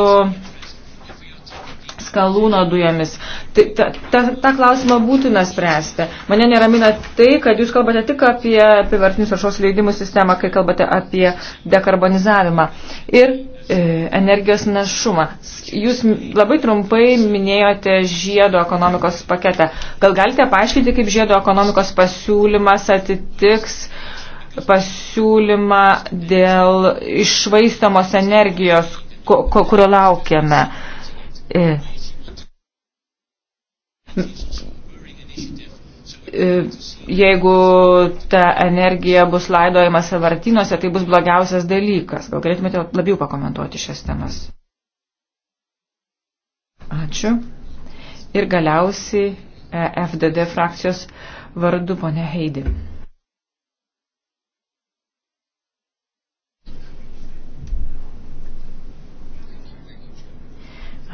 skalūno dujomis. Ta, ta, ta, ta klausimą būtina spręsti. Mane neramina tai, kad jūs kalbate tik apie apivartinius taršos leidimų sistemą, kai kalbate apie dekarbonizavimą ir e, energijos našumą. Jūs labai trumpai minėjote žiedo ekonomikos paketą. Gal galite paaiškinti, kaip žiedo ekonomikos pasiūlymas atitiks pasiūlymą dėl išvaistamos energijos, ko, ko, kurio laukiame. E E, jeigu ta energija bus laidojama savartinuose, tai bus blogiausias dalykas. Gal galėtumėte labiau pakomentuoti šias temas? Ačiū. Ir galiausiai e, FDD frakcijos vardu ponė Heidi.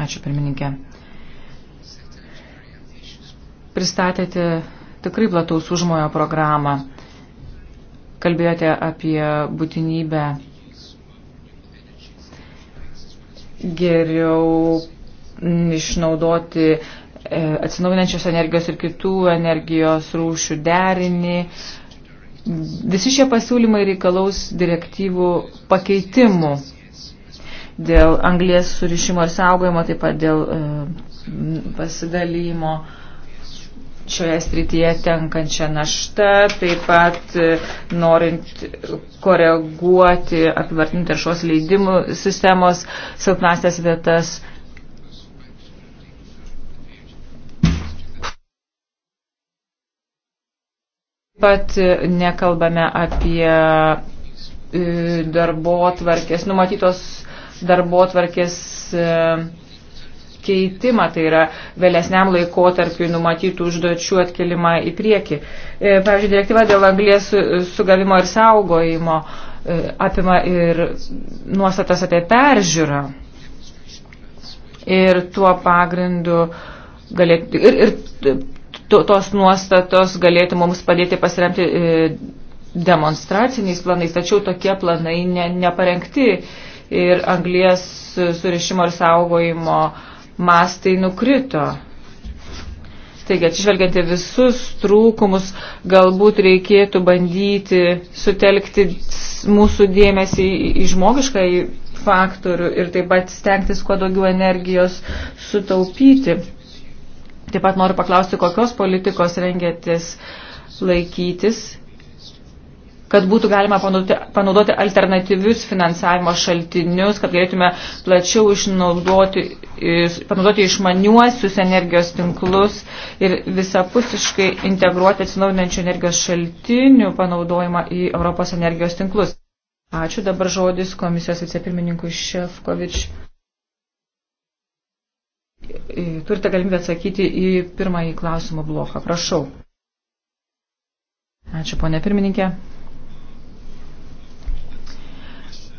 Ačiū pirmininkė pristatėte tikrai plataus užmojo programą. Kalbėjote apie būtinybę geriau išnaudoti e, atsinaujinančios energijos ir kitų energijos rūšių derinį. Visi šie pasiūlymai reikalaus direktyvų pakeitimų dėl anglės surišimo ir saugojimo, taip pat dėl e, pasidalymo šioje srityje tenkančią naštą, taip pat e, norint koreguoti apivartinių taršos leidimų sistemos silpnasias vietas. Taip pat e, nekalbame apie e, darbo tvarkės, numatytos darbo tvarkės keitimą, tai yra vėlesniam laikotarpiu numatytų užduočių atkelimą į priekį. E, pavyzdžiui, direktyva dėl anglės sugavimo ir saugojimo e, apima ir nuostatas apie peržiūrą. Ir tuo pagrindu galėtų, ir, ir tos nuostatos galėtų mums padėti pasiremti e, demonstraciniais planais, tačiau tokie planai ne, neparengti ir anglies surišimo ir saugojimo uh, mastai nukrito. Taigi, atsižvelgiant į visus trūkumus, galbūt reikėtų bandyti sutelkti mūsų dėmesį į žmogišką į faktorių ir taip pat stengtis kuo daugiau energijos sutaupyti. Taip pat noriu paklausti, kokios politikos rengėtis laikytis kad būtų galima panaudoti, panaudoti alternatyvius finansavimo šaltinius, kad galėtume plačiau išnaudoti, panaudoti išmaniuosius energijos tinklus ir visapusiškai integruoti atsinaudinančių energijos šaltinių panaudojimą į Europos energijos tinklus. Ačiū dabar žodis komisijos vicepirmininkui Šefkovič. E, turite galimybę atsakyti į pirmąjį klausimų bloką. Prašau. Ačiū, ponė pirmininkė.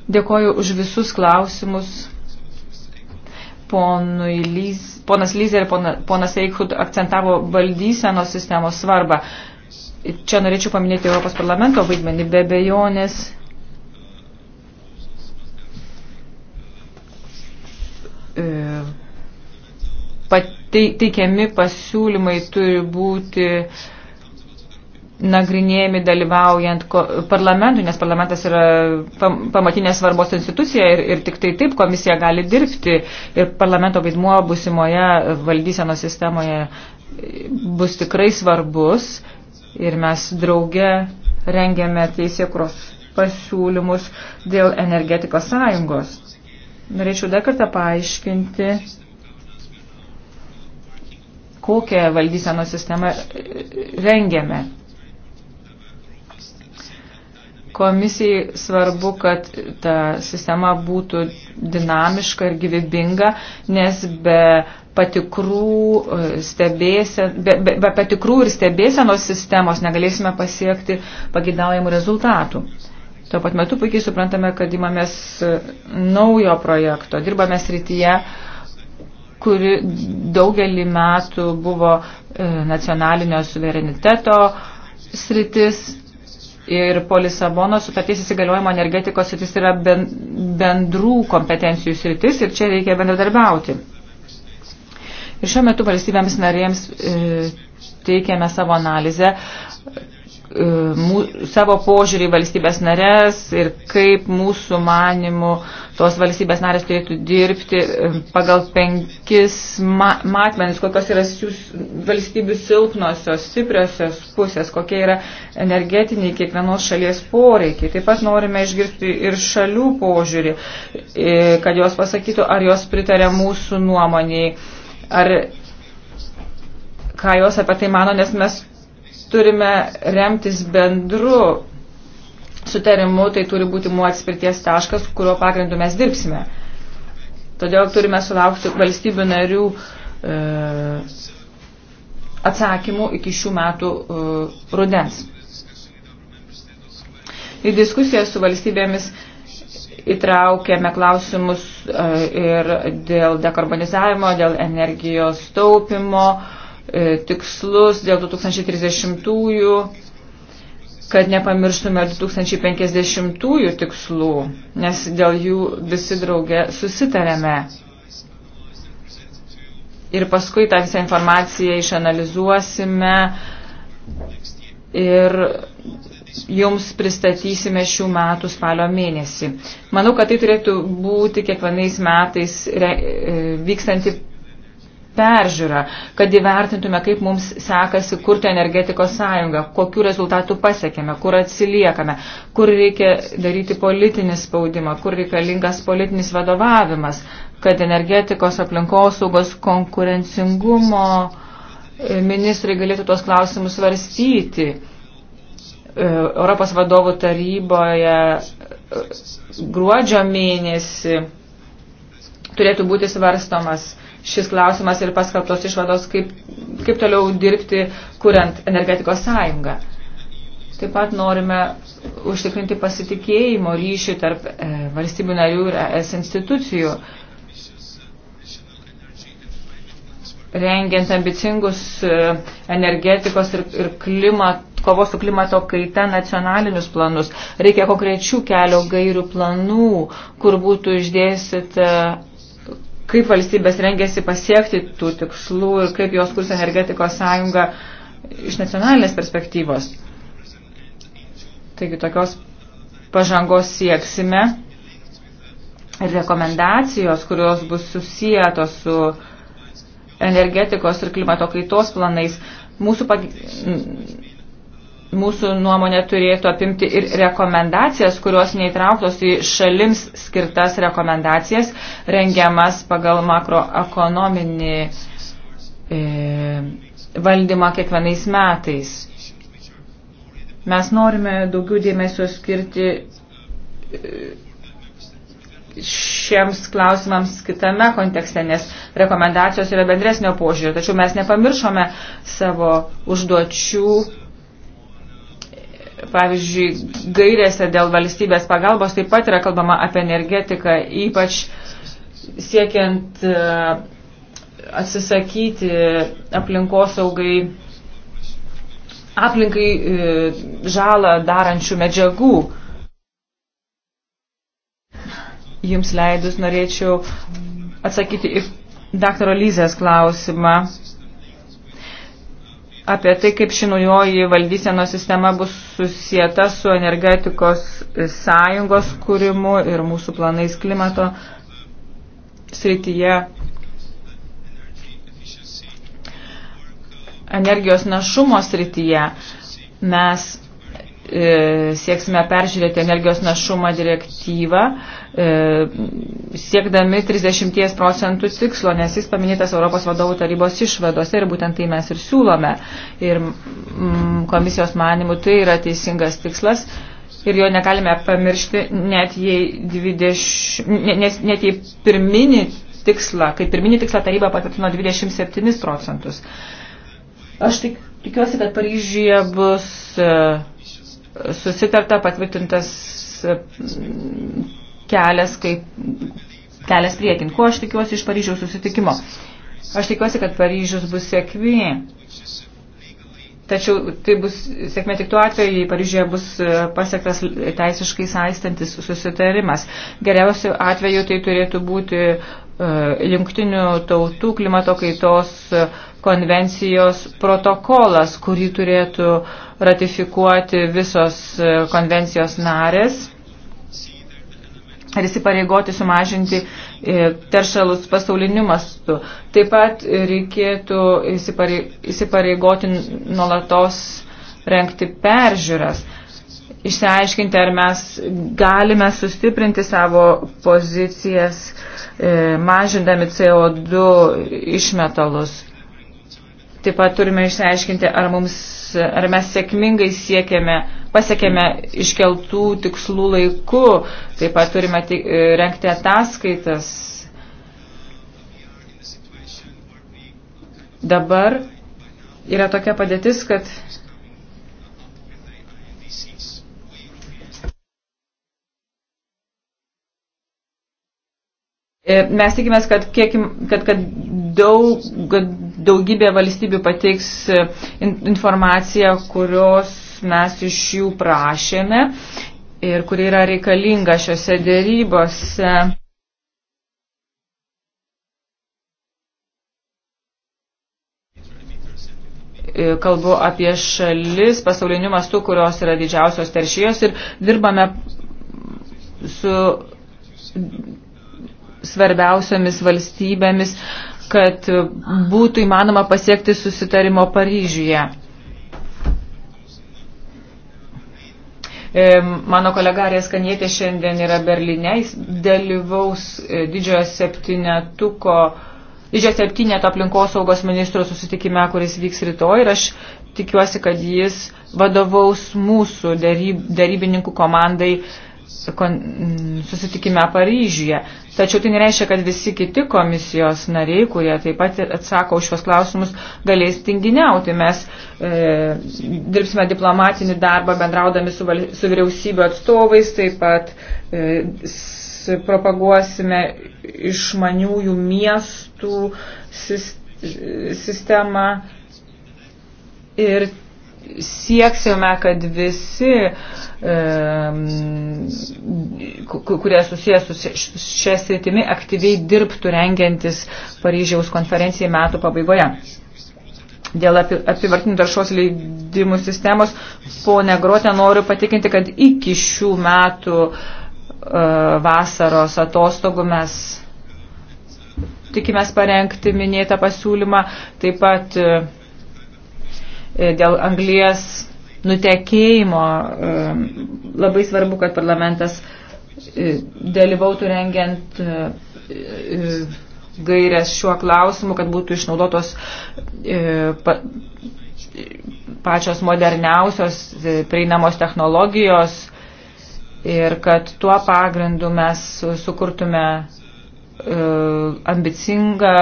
Dėkoju už visus klausimus. Lys, ponas Lyzė ir pona, ponas Eikhut akcentavo valdysenos sistemos svarbą. Čia norėčiau paminėti Europos parlamento vaidmenį be bejonės. E, Pateikiami pasiūlymai turi būti uh, nagrinėjami dalyvaujant parlamentui, nes parlamentas yra pamatinės svarbos institucija ir, ir tik tai taip komisija gali dirbti ir parlamento vaidmuo busimoje valdysenos sistemoje bus tikrai svarbus ir mes drauge rengiame teisėkros pasiūlymus dėl energetikos sąjungos. Norėčiau dar kartą paaiškinti kokią valdysenos sistemą rengiame. Komisijai svarbu, kad ta sistema būtų dinamiška ir gyvybinga, nes be patikrų, e, stebėse, be, be, be patikrų ir stebėsenos sistemos negalėsime pasiekti pagidaujamų rezultatų. Tuo pat metu puikiai suprantame, kad įmamės e, naujo projekto, dirbame srityje, kuri daugelį metų buvo e, nacionalinio suvereniteto sritis ir po Lisabono sutarties įsigaliojimo energetikos sritis yra bendrų kompetencijų sritis ir čia reikia bendradarbiauti. Ir šiuo metu valstybėms narėms e, teikiame savo analizę, E, mū, savo požiūrį į valstybės narės ir kaip mūsų manimų tos valstybės narės turėtų dirbti e, pagal penkis ma matmenis, kokios yra valstybių silpnosios, stipriosios pusės, kokie yra energetiniai kiekvienos šalies poreikiai. Taip pat norime išgirsti ir šalių požiūrį, e, kad jos pasakytų, ar jos pritarė mūsų nuomoniai. Ar ką jos apie tai mano, nes mes turime remtis bendru sutarimu, tai turi būti mūsų atspirties taškas, kurio pagrindu mes dirbsime. Todėl turime sulaukti valstybių narių e, atsakymų iki šių metų e, rudens. Į diskusiją su valstybėmis įtraukėme klausimus e, ir dėl dekarbonizavimo, dėl energijos taupimo, e, E, tikslus dėl 2030-ųjų, kad nepamirštume 2050-ųjų tikslų, nes dėl jų visi draugė susitarėme. Ir paskui tą visą informaciją išanalizuosime ir jums pristatysime šių metų spalio mėnesį. Manau, kad tai turėtų būti kiekvienais metais re, e, vykstanti peržiūrą, kad įvertintume, kaip mums sekasi kurti energetikos sąjungą, kokiu rezultatu pasiekėme, kur atsiliekame, kur reikia daryti politinį spaudimą, kur reikalingas politinis vadovavimas, kad energetikos aplinkosaugos konkurencingumo e, ministrai galėtų tuos klausimus svarstyti. E, Europos vadovų taryboje e, gruodžio mėnesį turėtų būti svarstomas šis klausimas ir paskelbtos išvados, kaip, kaip toliau dirbti, kuriant energetikos sąjungą. Taip pat norime užtikrinti pasitikėjimo ryšį tarp e, valstybių narių ir ES institucijų, rengiant ambicingus e, energetikos ir, ir klimat, kovos su klimato kaita nacionalinius planus. Reikia konkrečių kelio gairių planų, kur būtų išdėstyta kaip valstybės rengėsi pasiekti tų tikslų ir kaip jos kurs energetikos sąjunga iš nacionalinės perspektyvos. Taigi tokios pažangos sieksime ir rekomendacijos, kurios bus susijętos su energetikos ir klimato kaitos planais, mūsų pag mūsų nuomonė turėtų apimti ir rekomendacijas, kurios neįtrauktos į šalims skirtas rekomendacijas, rengiamas pagal makroekonominį e, valdymą kiekvienais metais. Mes norime daugiau dėmesio skirti e, šiems klausimams kitame kontekste, nes rekomendacijos yra bendresnio požiūrio, tačiau mes nepamiršome savo užduočių Pavyzdžiui, gairėse dėl valstybės pagalbos taip pat yra kalbama apie energetiką, ypač siekiant e, atsisakyti aplinkosaugai aplinkai e, žalą darančių medžiagų. Jums leidus norėčiau atsakyti į daktaro Lyzės klausimą apie tai, kaip ši naujoji valdyseno sistema bus susijęta su energetikos sąjungos kūrimu ir mūsų planais klimato srityje. Energijos našumo srityje mes E, sieksime peržiūrėti energijos našumą direktyvą, e, siekdami 30 procentų tikslo, nes jis paminėtas Europos vadovų tarybos išvadose ir būtent tai mes ir siūlome. Ir mm, komisijos manimų tai yra teisingas tikslas. Ir jo negalime pamiršti, net jei, 20, net, net jei pirminį tikslą, kaip pirminį tikslą taryba patvirtino 27 procentus. Aš tik, tikiuosi, kad Paryžyje bus uh, susitarta patvirtintas e, kelias, kaip, kelias priekin. Ko aš tikiuosi iš Paryžiaus susitikimo? Aš tikiuosi, kad Paryžius bus sėkmė. Tačiau tai bus sėkmė tik tuo atveju, jei Paryžioje bus e, pasiektas teisiškai saistantis susitarimas. Geriausiu atveju tai turėtų būti uh, jungtinių tautų klimato kaitos uh, konvencijos protokolas, kurį turėtų ratifikuoti visos e, konvencijos narės ir įsipareigoti sumažinti e, teršalus pasauliniu mastu. Taip pat reikėtų įsipareigoti nuolatos renkti peržiūras išsiaiškinti, ar mes galime sustiprinti savo pozicijas, e, mažindami CO2 išmetalus. Taip pat turime išsiaiškinti, ar, mums, ar mes sėkmingai siekėme, pasiekėme iškeltų tikslų laiku. Taip pat turime tik, e, renkti ataskaitas. Dabar yra tokia padėtis, kad E, mes tikimės, kad, kiek, kad, kad, daug, kad daugybė valstybių pateiks e, informaciją, kurios mes iš jų prašėme ir kuri yra reikalinga šiuose dėrybose. E, kalbu apie šalis pasauliniu mastu, kurios yra didžiausios teršėjos ir dirbame su svarbiausiamis valstybėmis, kad būtų įmanoma pasiekti susitarimo Paryžiuje. E, mano kolega Rieskanietė šiandien yra Berlinė, jis dalyvaus e, didžiojo septynetuko, didžiojo septyneto aplinkosaugos ministro susitikime, kuris vyks rytoj ir aš tikiuosi, kad jis vadovaus mūsų daryb, darybininkų komandai Mm, susitikime Paryžiuje. Tačiau tai nereiškia, kad visi kiti komisijos nariai, kurie taip pat atsako už šios klausimus, galės tinginiauti. Mes e, dirbsime diplomatinį darbą bendraudami su, val, su vyriausybių atstovais, taip pat e, propaguosime išmaniųjų miestų sistemą ir sieksime, kad visi, kurie susijęs su šia sritimi, aktyviai dirbtų rengiantis Paryžiaus konferencijai metų pabaigoje. Dėl apivartinių taršos leidimų sistemos, ponė Grotė, noriu patikinti, kad iki šių metų e, vasaros atostogų mes tikimės parengti minėtą pasiūlymą. Taip pat e, E, dėl anglies nutekėjimo. E, labai svarbu, kad parlamentas e, dalyvautų rengiant gairias šiuo klausimu, kad būtų išnaudotos pačios moderniausios prieinamos technologijos ir kad tuo pagrindu mes sukurtume ambicingą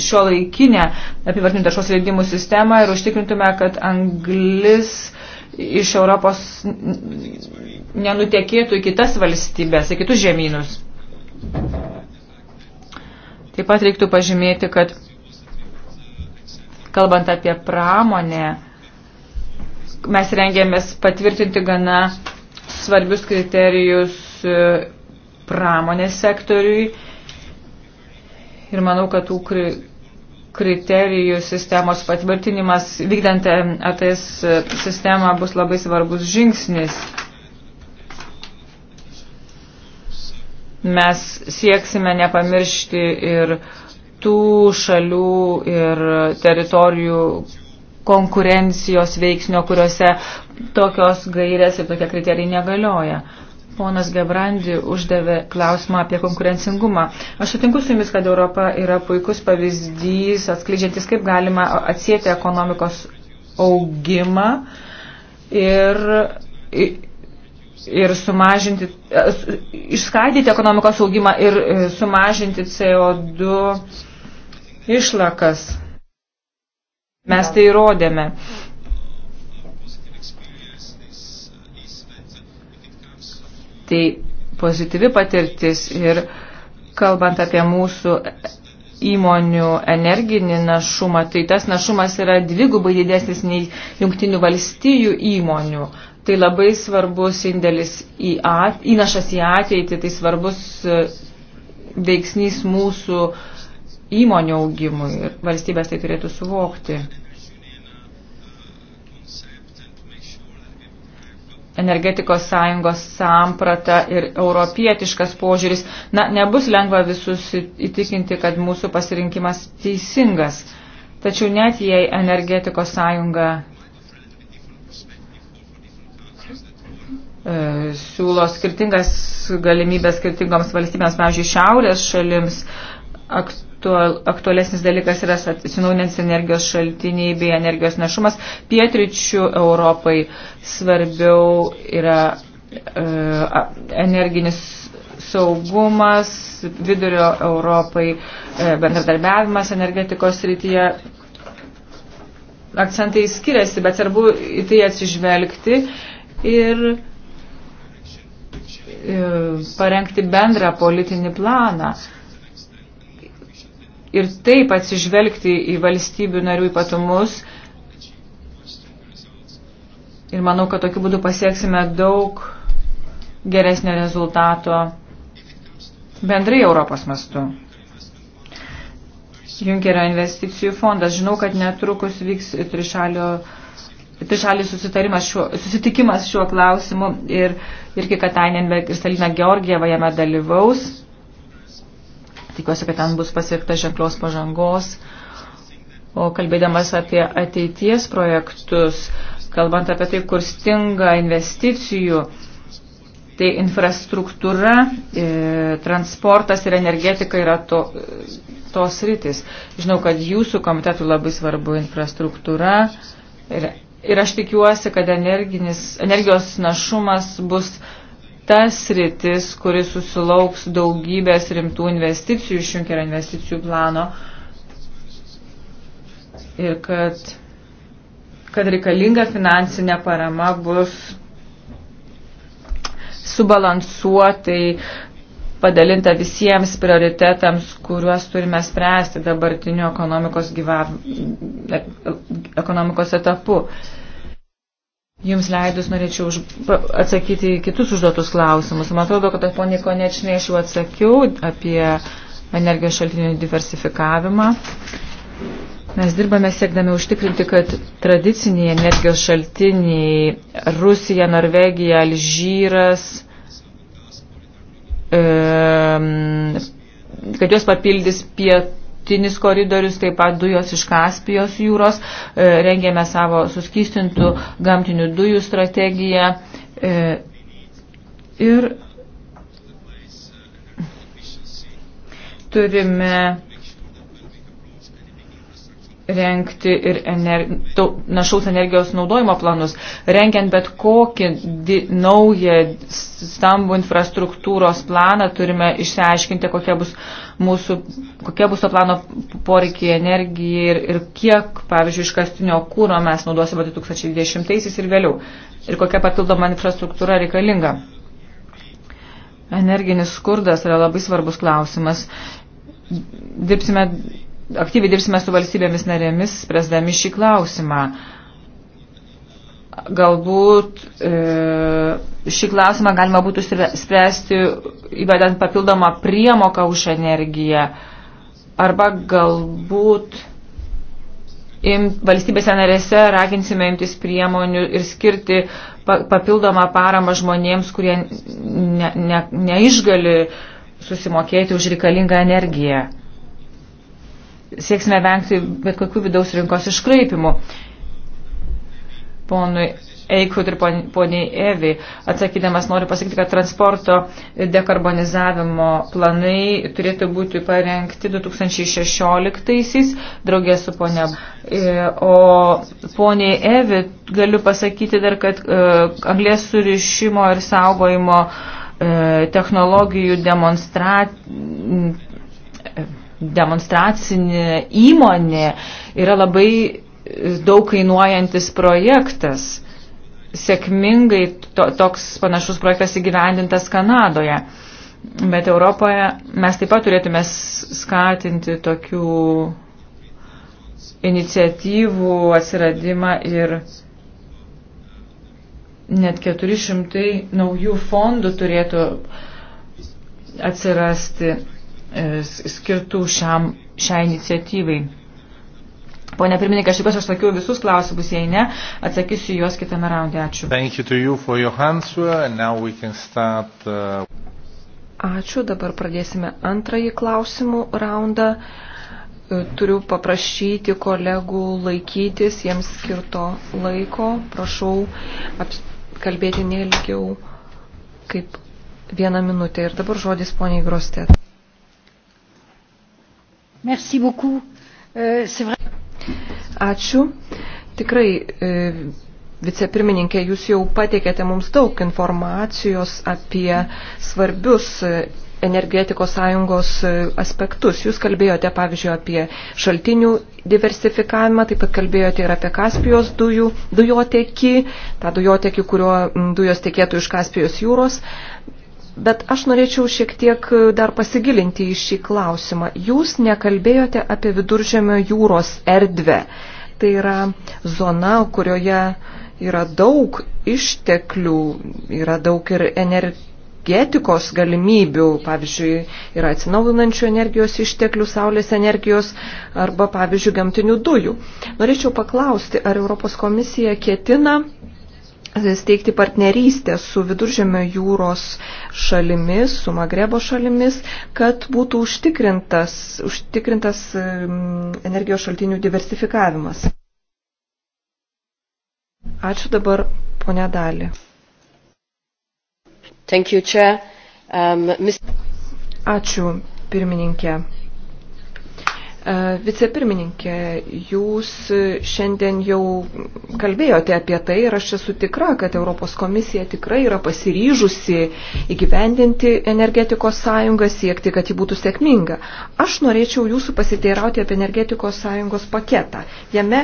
šio laikinę apivartinių taršos leidimų sistemą ir užtikrintume, kad anglis iš Europos nenutekėtų į kitas valstybės, į kitus žemynus. Taip pat reiktų pažymėti, kad kalbant apie pramonę, mes rengėmės patvirtinti gana svarbius kriterijus pramonės sektoriui ir manau, kad tų kri kriterijų sistemos patvirtinimas vykdant ATS e sistemą bus labai svarbus žingsnis. Mes sieksime nepamiršti ir tų šalių ir teritorijų konkurencijos veiksnio, kuriuose tokios gairės ir tokie kriterijai negalioja. Ponas Gebrandi uždavė klausimą apie konkurencingumą. Aš sutinku su jumis, kad Europa yra puikus pavyzdys, atskleidžiantis, kaip galima atsėti ekonomikos augimą ir, ir sumažinti, e, išskaidyti ekonomikos augimą ir e, sumažinti CO2 išlakas. Mes tai įrodėme. tai pozityvi patirtis ir kalbant apie mūsų įmonių energinį našumą, tai tas našumas yra dvigubai didesnis nei jungtinių valstijų įmonių. Tai labai svarbus indėlis į at, įnašas į ateitį, tai svarbus e, veiksnys mūsų įmonių augimui ir valstybės tai turėtų suvokti. energetikos sąjungos samprata ir europietiškas požiūris. Na, nebus lengva visus įtikinti, kad mūsų pasirinkimas teisingas. Tačiau net jei energetikos sąjunga e, siūlo skirtingas galimybės skirtingoms valstybėms, pavyzdžiui, šiaurės šalims, aktualiai aktual, aktualesnis dalykas yra atsinaujinantis energijos šaltiniai bei energijos našumas. Pietričių Europai svarbiau yra e, energinis saugumas, vidurio Europai e, bendradarbiavimas energetikos rytyje. Akcentai skiriasi, bet svarbu į tai atsižvelgti ir e, parengti bendrą politinį planą ir taip atsižvelgti į valstybių narių ypatumus. Ir manau, kad tokiu būdu pasieksime daug geresnio rezultato bendrai Europos mastu. Junkerio investicijų fondas. Žinau, kad netrukus vyks trišalio trišalis susitarimas šiuo, susitikimas šiuo klausimu ir Irki Katainenberg ir Salina Georgieva jame dalyvaus. Tikiuosi, kad ten bus pasiekta ženklios pažangos. O kalbėdamas apie ateities projektus, kalbant apie tai, kur stinga investicijų, tai infrastruktūra, e, transportas ir energetika yra to, tos rytis. Žinau, kad jūsų komitetų labai svarbu infrastruktūra ir, ir aš tikiuosi, kad energinis, energijos našumas bus tas rytis, kuris susilauks daugybės rimtų investicijų iš Junkerio investicijų plano ir kad, kad reikalinga finansinė parama bus subalansuotai padalinta visiems prioritetams, kuriuos turime spręsti dabartiniu ekonomikos, gyvav... E, ekonomikos etapu. Uh, Jums leidus norėčiau už, atsakyti kitus užduotus klausimus. Man atrodo, kad poniai konečnai aš jau atsakiau apie energijos šaltinių diversifikavimą. Mes dirbame siekdami užtikrinti, kad tradiciniai energijos šaltiniai Rusija, Norvegija, Alžyras, e, kad juos papildys pietų Pietinis koridorius, taip pat dujos iš Kaspijos jūros, e, rengėme savo suskystintų gamtinių dujų strategiją e, ir turime renkti ir ener, to, našaus energijos naudojimo planus, renkiant bet kokį di, naują stambų infrastruktūros planą, turime išsiaiškinti, kokie bus, mūsų, kokie bus to plano poreikiai energijai ir, ir kiek, pavyzdžiui, iškastinio kūro mes naudosime 2020 ir vėliau, ir kokia papildoma infrastruktūra reikalinga. Energinis skurdas yra labai svarbus klausimas. Dirbsime aktyviai dirbsime su valstybėmis narėmis, spręsdami šį klausimą. Galbūt e, šį klausimą galima būtų spręsti įvedant papildomą priemoką už energiją arba galbūt im, valstybėse narėse raginsime imtis priemonių ir skirti papildomą paramą žmonėms, kurie ne, ne, neišgali susimokėti už reikalingą energiją sieksime vengti bet kokių vidaus rinkos iškraipimų. Ponui Eikhut ir poniai Evi, atsakydamas noriu pasakyti, kad transporto dekarbonizavimo planai turėtų būti parengti 2016-aisiais, draugė su ponia. E, o poniai Evi galiu pasakyti dar, kad e, anglės surišimo ir saugojimo e, technologijų demonstracijų demonstracinė įmonė yra labai daug kainuojantis projektas. Sėkmingai to, toks panašus projektas įgyvendintas Kanadoje. Bet Europoje mes taip pat turėtume skatinti tokių iniciatyvų atsiradimą ir net 400 naujų fondų turėtų atsirasti E, skirtų šiam, šią iniciatyvai. Pone pirmininkai, aš tikiuosi, aš sakiau visus klausimus, jei ne, atsakysiu juos kitame raunde. Ačiū. You start, uh... Ačiū, dabar pradėsime antrąjį klausimų raundą. E, turiu paprašyti kolegų laikytis jiems skirto laiko. Prašau kalbėti neilgiau kaip vieną minutę. Ir dabar žodis poniai Grostet. Merci beaucoup. Euh, Ačiū. Tikrai, e, vicepirmininkė, jūs jau pateikėte mums daug informacijos apie svarbius e, energetikos sąjungos e, aspektus. Jūs kalbėjote, pavyzdžiui, apie šaltinių diversifikavimą, taip pat kalbėjote ir apie Kaspijos dujų, dujotekį, tą dujotekį, kurio dujos tekėtų iš Kaspijos jūros. Bet aš norėčiau šiek tiek e, dar pasigilinti į šį klausimą. Jūs nekalbėjote apie viduržėmio jūros erdvę. Tai yra zona, kurioje yra daug išteklių, yra daug ir energetikos galimybių. Pavyzdžiui, yra atsinaujinančių energijos išteklių, saulės energijos arba, pavyzdžiui, gamtinių dujų. Norėčiau paklausti, ar Europos komisija ketina E, steigti partnerystę su viduržėmio jūros šalimis, su Magrebo šalimis, kad būtų užtikrintas, užtikrintas e, energijos šaltinių diversifikavimas. Ačiū dabar, ponia Dali. Thank you, Chair. Um, Ačiū, pirmininkė. E, vicepirmininkė, jūs šiandien jau kalbėjote apie tai ir aš esu tikra, kad Europos komisija tikrai yra pasiryžusi įgyvendinti energetikos sąjungą, siekti, kad ji būtų sėkminga. Aš norėčiau jūsų pasiteirauti apie energetikos sąjungos paketą. Jame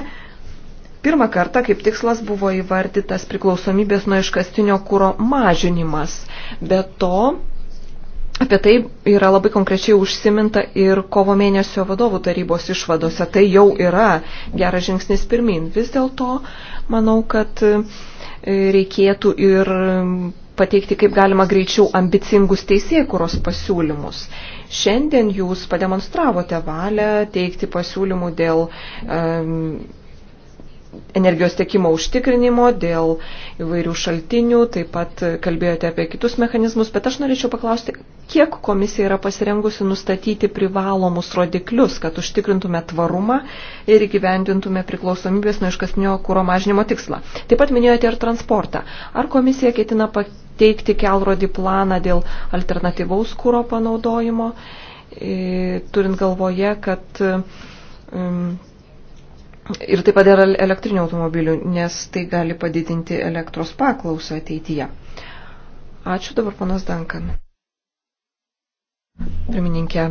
pirmą kartą kaip tikslas buvo įvardytas priklausomybės nuo iškastinio kūro mažinimas. Be to, Apie tai yra labai konkrečiai užsiminta ir kovo mėnesio vadovų tarybos išvadose. Tai jau yra geras žingsnis pirmin. Vis dėlto manau, kad e, reikėtų ir pateikti kaip galima greičiau ambicingus teisėkuros pasiūlymus. Šiandien jūs pademonstravote valią teikti pasiūlymų dėl um, energijos tiekimo užtikrinimo, dėl įvairių šaltinių, taip pat kalbėjote apie kitus mechanizmus, bet aš norėčiau paklausti, kiek komisija yra pasirengusi nustatyti privalomus rodiklius, kad užtikrintume tvarumą ir įgyvendintume priklausomybės nuo iškasnio kūro mažinimo tikslą. Taip pat minėjote ir transportą. Ar komisija ketina pateikti kelrodį planą dėl alternatyvaus kūro panaudojimo, e, turint galvoje, kad ir taip pat ir elektrinių automobilių, nes tai gali padidinti elektros paklausą ateityje. Ačiū dabar panas Dankan. Pirmininkė,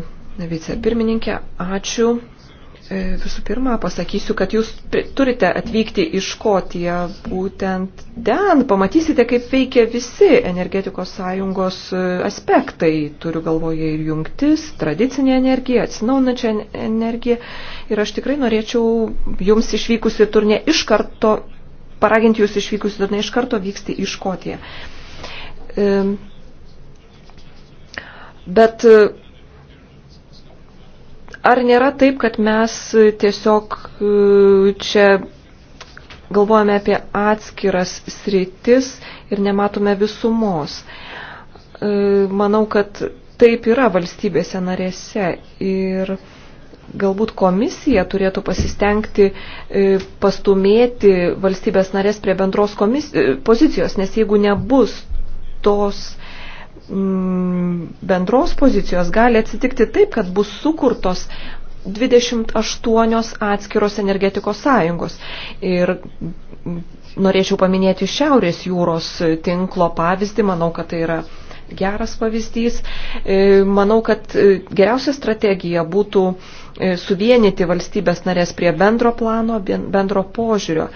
vicepirmininkė, ačiū. E, visų pirma, pasakysiu, kad jūs turite atvykti į Škotiją. Būtent ten pamatysite, kaip veikia visi energetikos sąjungos e, aspektai. Turiu galvoje ir jungtis, tradicinė energija, atsinaunančią energiją. Ir aš tikrai norėčiau jums išvykusi turnė iš karto, paraginti jūs išvykusi turnė iš karto vykti į Škotiją. E, bet ar nėra taip, kad mes tiesiog e, čia galvojame apie atskiras sritis ir nematome visumos? E, manau, kad taip yra valstybėse narėse ir galbūt komisija turėtų pasistengti e, pastumėti valstybės narės prie bendros komis, pozicijos, nes jeigu nebus tos Mm, bendros pozicijos gali atsitikti taip, kad bus sukurtos 28 atskiros energetikos sąjungos. Ir norėčiau paminėti Šiaurės jūros tinklo pavyzdį, manau, kad tai yra geras pavyzdys. E, manau, kad e, geriausia strategija būtų e, suvienyti valstybės narės prie bendro plano, bendro požiūrio.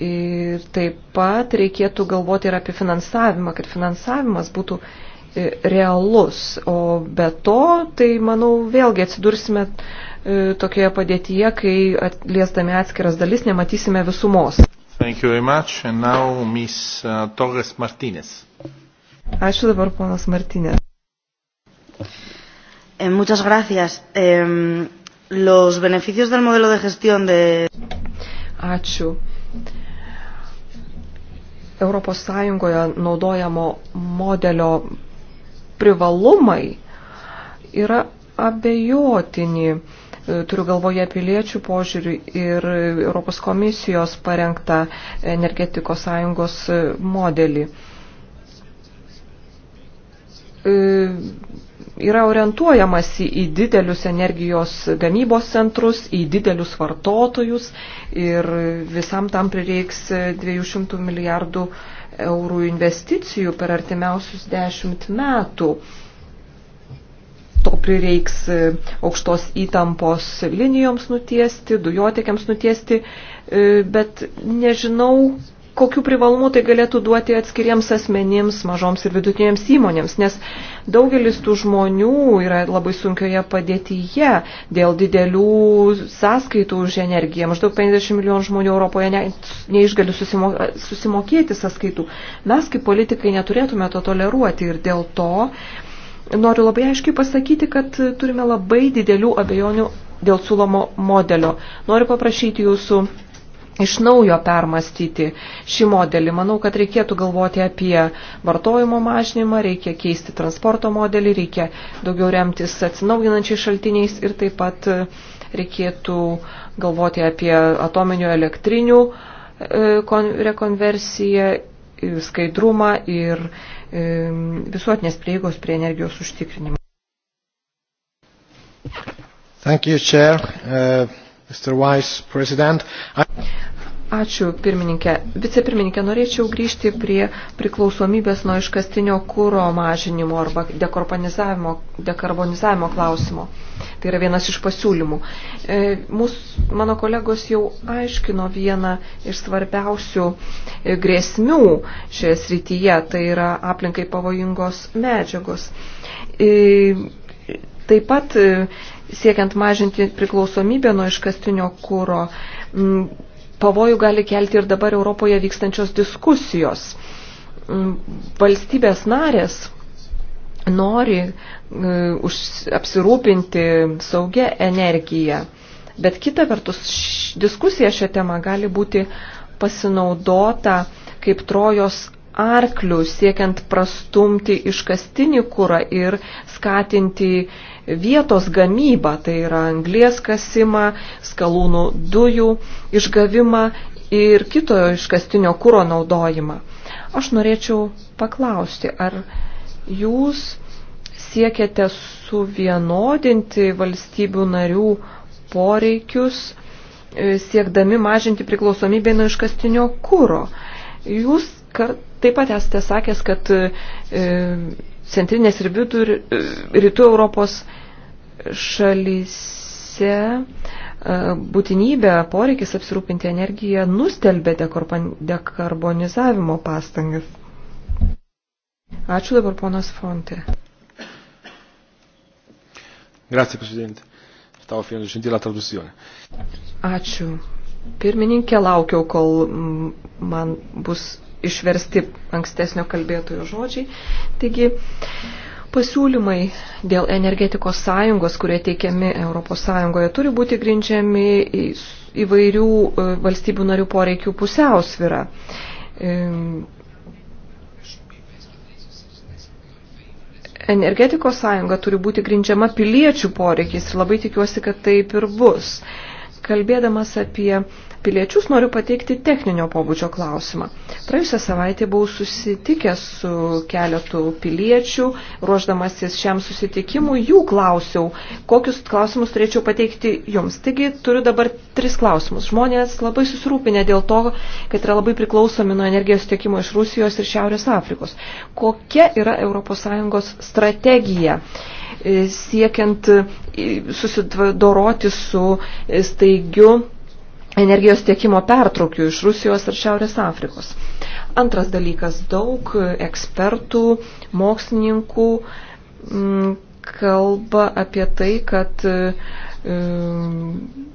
Ir taip pat reikėtų galvoti ir apie finansavimą, kad finansavimas būtų E, realus. O be to, tai manau, vėlgi atsidursime e, tokioje padėtyje, kai atliesdami atskiras dalis nematysime visumos. Now, Miss, uh, Ačiū dabar, ponas Martinės. Eh, muchas gracias. Eh, los beneficios del modelo de gestión de. Ačiū. Europos Sąjungoje naudojamo modelio privalumai yra abejotini. E, turiu galvoje piliečių požiūrį ir Europos komisijos parengtą energetikos sąjungos e, modelį. E, yra orientuojamasi į didelius energijos gamybos centrus, į didelius vartotojus ir visam tam prireiks 200 milijardų eurų eurų investicijų per artimiausius dešimt metų. To prireiks e, aukštos įtampos linijoms nutiesti, dujotekiams nutiesti, e, bet nežinau, kokiu privalumu tai galėtų duoti atskiriems asmenims, mažoms ir vidutinėms įmonėms, nes daugelis tų žmonių yra labai sunkioje padėtyje dėl didelių sąskaitų už energiją. Maždaug 50 milijonų žmonių Europoje ne, neišgali susimo, susimokėti sąskaitų. Mes kaip politikai neturėtume to toleruoti ir dėl to noriu labai aiškiai pasakyti, kad turime labai didelių abejonių dėl siūlomo modelio. Noriu paprašyti jūsų iš naujo permastyti šį modelį. Manau, kad reikėtų galvoti apie vartojimo mažinimą, reikia keisti transporto modelį, reikia daugiau remtis atsinaujinančiais šaltiniais ir taip pat e, reikėtų galvoti apie atominių elektrinių e, rekonversiją, e, skaidrumą ir visuotinės prieigos prie energijos užtikrinimą. Thank you, Chair. Uh... Vice, President. Ačiū, pirmininkė. Vicepirmininkė, norėčiau grįžti prie priklausomybės nuo iškastinio kūro mažinimo arba dekarbonizavimo, dekarbonizavimo klausimo. Tai yra vienas iš pasiūlymų. E, mūs, mano kolegos jau aiškino vieną iš svarbiausių e, grėsmių šioje srityje, tai yra aplinkai pavojingos medžiagos. E, taip pat e, siekiant mažinti priklausomybę nuo iškastinio kūro, pavojų gali kelti ir dabar Europoje vykstančios diskusijos. Valstybės narės nori uh, apsirūpinti saugia energija, bet kita vertus š, diskusija šią temą gali būti pasinaudota kaip trojos arklių siekiant prastumti iškastinį kūrą ir skatinti uh, vietos gamybą, tai yra anglės kasimą, skalūnų dujų išgavimą ir kito iškastinio kūro naudojimą. Aš norėčiau paklausti, ar jūs siekiate suvienodinti valstybių narių poreikius, e, siekdami mažinti priklausomybę nuo iškastinio kūro. Jūs kar, taip pat esate sakęs, kad e, centrinės ir vidur, rytų Europos šalyse e, būtinybė, poreikis apsirūpinti energiją nustelbė dekarbonizavimo pastangas. Ačiū dabar ponas Fonte. Grazie, Presidente. Stavo finendo di sentire la traduzione. Ačiū. Pirmininkė laukiau, kol man bus išversti ankstesnio kalbėtojo žodžiai. Taigi, pasiūlymai dėl energetikos sąjungos, kurie teikiami ES, turi būti grindžiami įvairių e, valstybių narių poreikių pusiausvyrą. E, energetikos sąjunga turi būti grindžiama piliečių poreikiais ir labai tikiuosi, kad taip ir bus. Kalbėdamas apie piliečius, noriu pateikti techninio pobūdžio klausimą. Praėjusią savaitę buvau susitikęs su keletu piliečių, ruoždamasis šiam susitikimui, jų klausiau, kokius klausimus turėčiau pateikti jums. Taigi turiu dabar tris klausimus. Žmonės labai susirūpinę dėl to, kad yra labai priklausomi nuo energijos tiekimo iš Rusijos ir Šiaurės Afrikos. Kokia yra ES strategija? E, siekiant e, susidoroti su staigiu energijos tiekimo pertraukių iš Rusijos ir Šiaurės Afrikos. Antras dalykas - daug ekspertų, mokslininkų m, mm, kalba apie tai, kad m,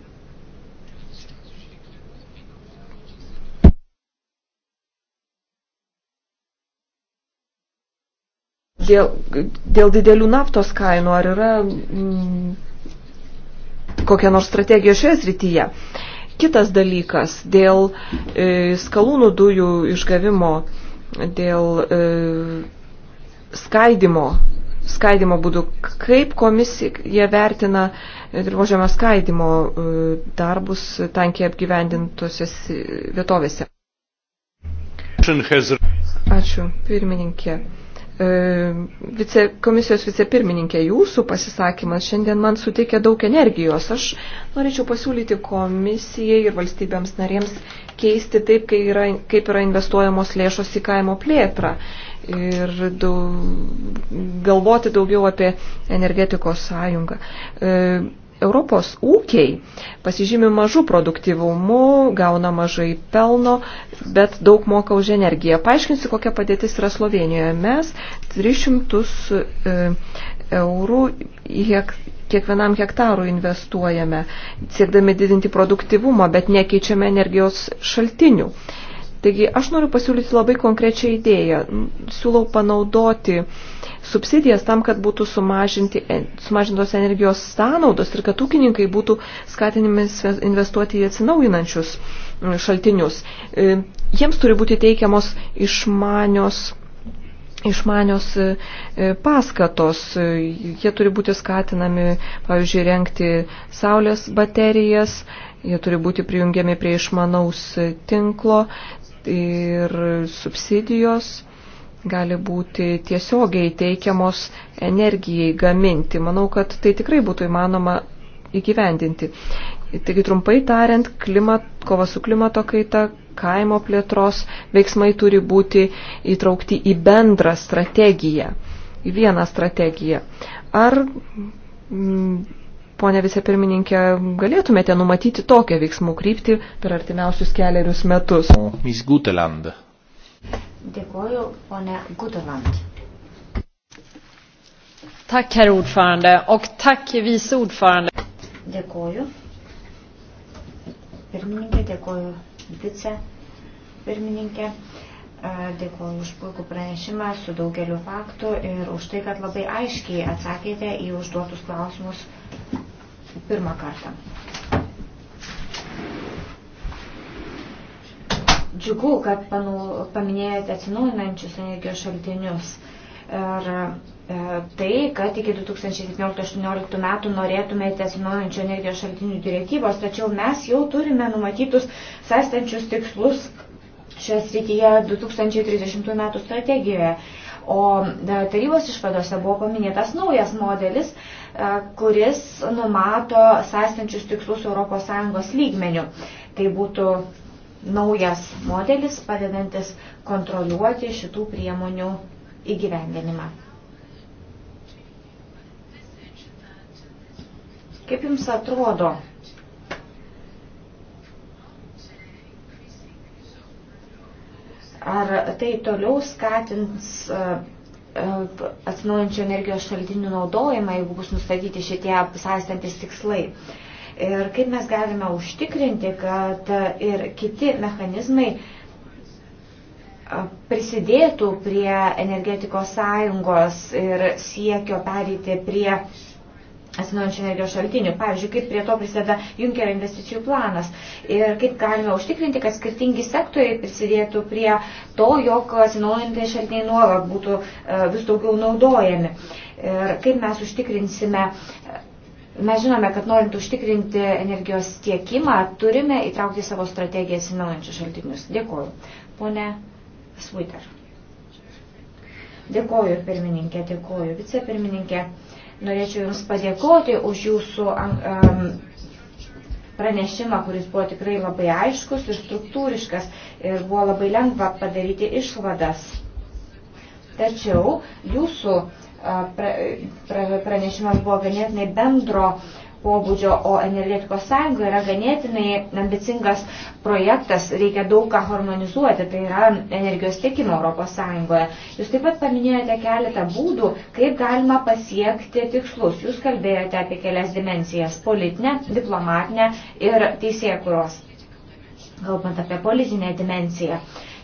Dėl, dėl didelių naftos kainų, ar yra m, mm, kokia nors strategija šioje srityje? Uh, Kitas dalykas dėl e, skalūnų dujų išgavimo, dėl e, skaidimo, skaidimo būdų. Kaip komisija vertina e, dirbožėmio skaidimo darbus tankiai apgyvendintose vietovėse? Ačiū, pirmininkė. E, vice, komisijos vicepirmininkė, jūsų pasisakymas šiandien man suteikia daug energijos. Aš norėčiau pasiūlyti komisijai ir valstybėms narėms keisti taip, kai yra, kaip yra investuojamos lėšos į kaimo plėtrą ir daug, galvoti daugiau apie energetikos sąjungą. E, Europos ūkiai pasižymi mažų produktivumų, gauna mažai pelno, bet daug moka už energiją. Paaiškinsiu, kokia padėtis yra Slovenijoje. Mes 300 e, eurų kiekvienam hektarui investuojame, siekdami didinti produktivumą, bet nekeičiame energijos šaltinių. Taigi aš noriu pasiūlyti labai konkrečią idėją. Siūlau panaudoti uh, subsidijas tam, kad būtų sumažintos energijos sąnaudos ir kad ūkininkai būtų skatinami investuoti į atsinaujinančius mm, šaltinius. E, jiems turi būti teikiamos išmanios išmanios e, e, paskatos. Jie turi būti skatinami, pavyzdžiui, renkti saulės baterijas, jie turi būti prijungiami prie išmanaus tinklo ir subsidijos gali būti tiesiogiai teikiamos energijai gaminti. Manau, kad tai tikrai būtų įmanoma įgyvendinti. Taigi trumpai tariant, klimat, kova su klimato kaita, kaimo plėtros veiksmai turi būti įtraukti į bendrą strategiją, į vieną strategiją. Ar, mm, ponė vicepirmininkė, galėtumėte numatyti tokią veiksmų kryptį per artimiausius keliarius metus? Miss Guteland. Dėkoju, ponė Gudoland. Tack, herr ordförande, och tack, vice ordförande. Dėkoju. Pirmininkė, dėkoju, vice pirmininkė. Dėkuoju už puikų pranešimą su daugeliu faktų ir už tai, kad labai aiškiai atsakėte į užduotus klausimus pirmą kartą. Džiugu, kad panau, paminėjote atsinaujinančius energijos šaltinius. Ir e, tai, kad iki 2017-2018 metų norėtumėte atsinaujinančių energijos šaltinių direktyvos, tačiau mes jau turime numatytus sąstančius tikslus šioje srityje 2030 metų strategijoje. O e, tarybos išvadose buvo paminėtas naujas modelis, e, kuris numato sąstančius tikslus ES lygmenių. Tai būtų naujas modelis, padedantis kontroliuoti šitų priemonių įgyvendinimą. Kaip Jums atrodo, ar tai toliau skatins e, e, atsinaujančių energijos šaltinių naudojimą, jeigu bus nustatyti šitie sąstantis tikslai? ir kaip mes galime užtikrinti, kad ir kiti mechanizmai prisidėtų prie energetikos sąjungos ir siekio pereiti prie atsinaujančių energijos šaltinių. Pavyzdžiui, kaip prie to prisideda Junkerio investicijų planas ir kaip galime užtikrinti, kad skirtingi sektoriai prisidėtų prie to, jog atsinaujantys šaltiniai nuolat būtų vis daugiau naudojami. Ir kaip mes užtikrinsime Mes žinome, kad norint užtikrinti energijos tiekimą, turime įtraukti savo strategiją atsinaujančius šaltinius. Dėkuoju. Pone Svuiter. Dėkuoju, pirmininkė, dėkuoju, vicepirmininkė. Norėčiau Jums padėkoti už Jūsų um, pranešimą, kuris buvo tikrai labai aiškus ir struktūriškas ir buvo labai lengva padaryti išvadas. Tačiau Jūsų uh, pranešimas buvo ganėtinai bendro pobūdžio, o energetikos sąjunga yra ganėtinai ambicingas projektas, reikia daug ką harmonizuoti, tai yra energijos tiekimo Europos Sąjungoje. Jūs taip pat paminėjote keletą būdų, kaip galima pasiekti tikslus. Jūs kalbėjote apie kelias dimencijas - politinę, diplomatinę ir teisėkuros, kalbant apie politinę dimenciją.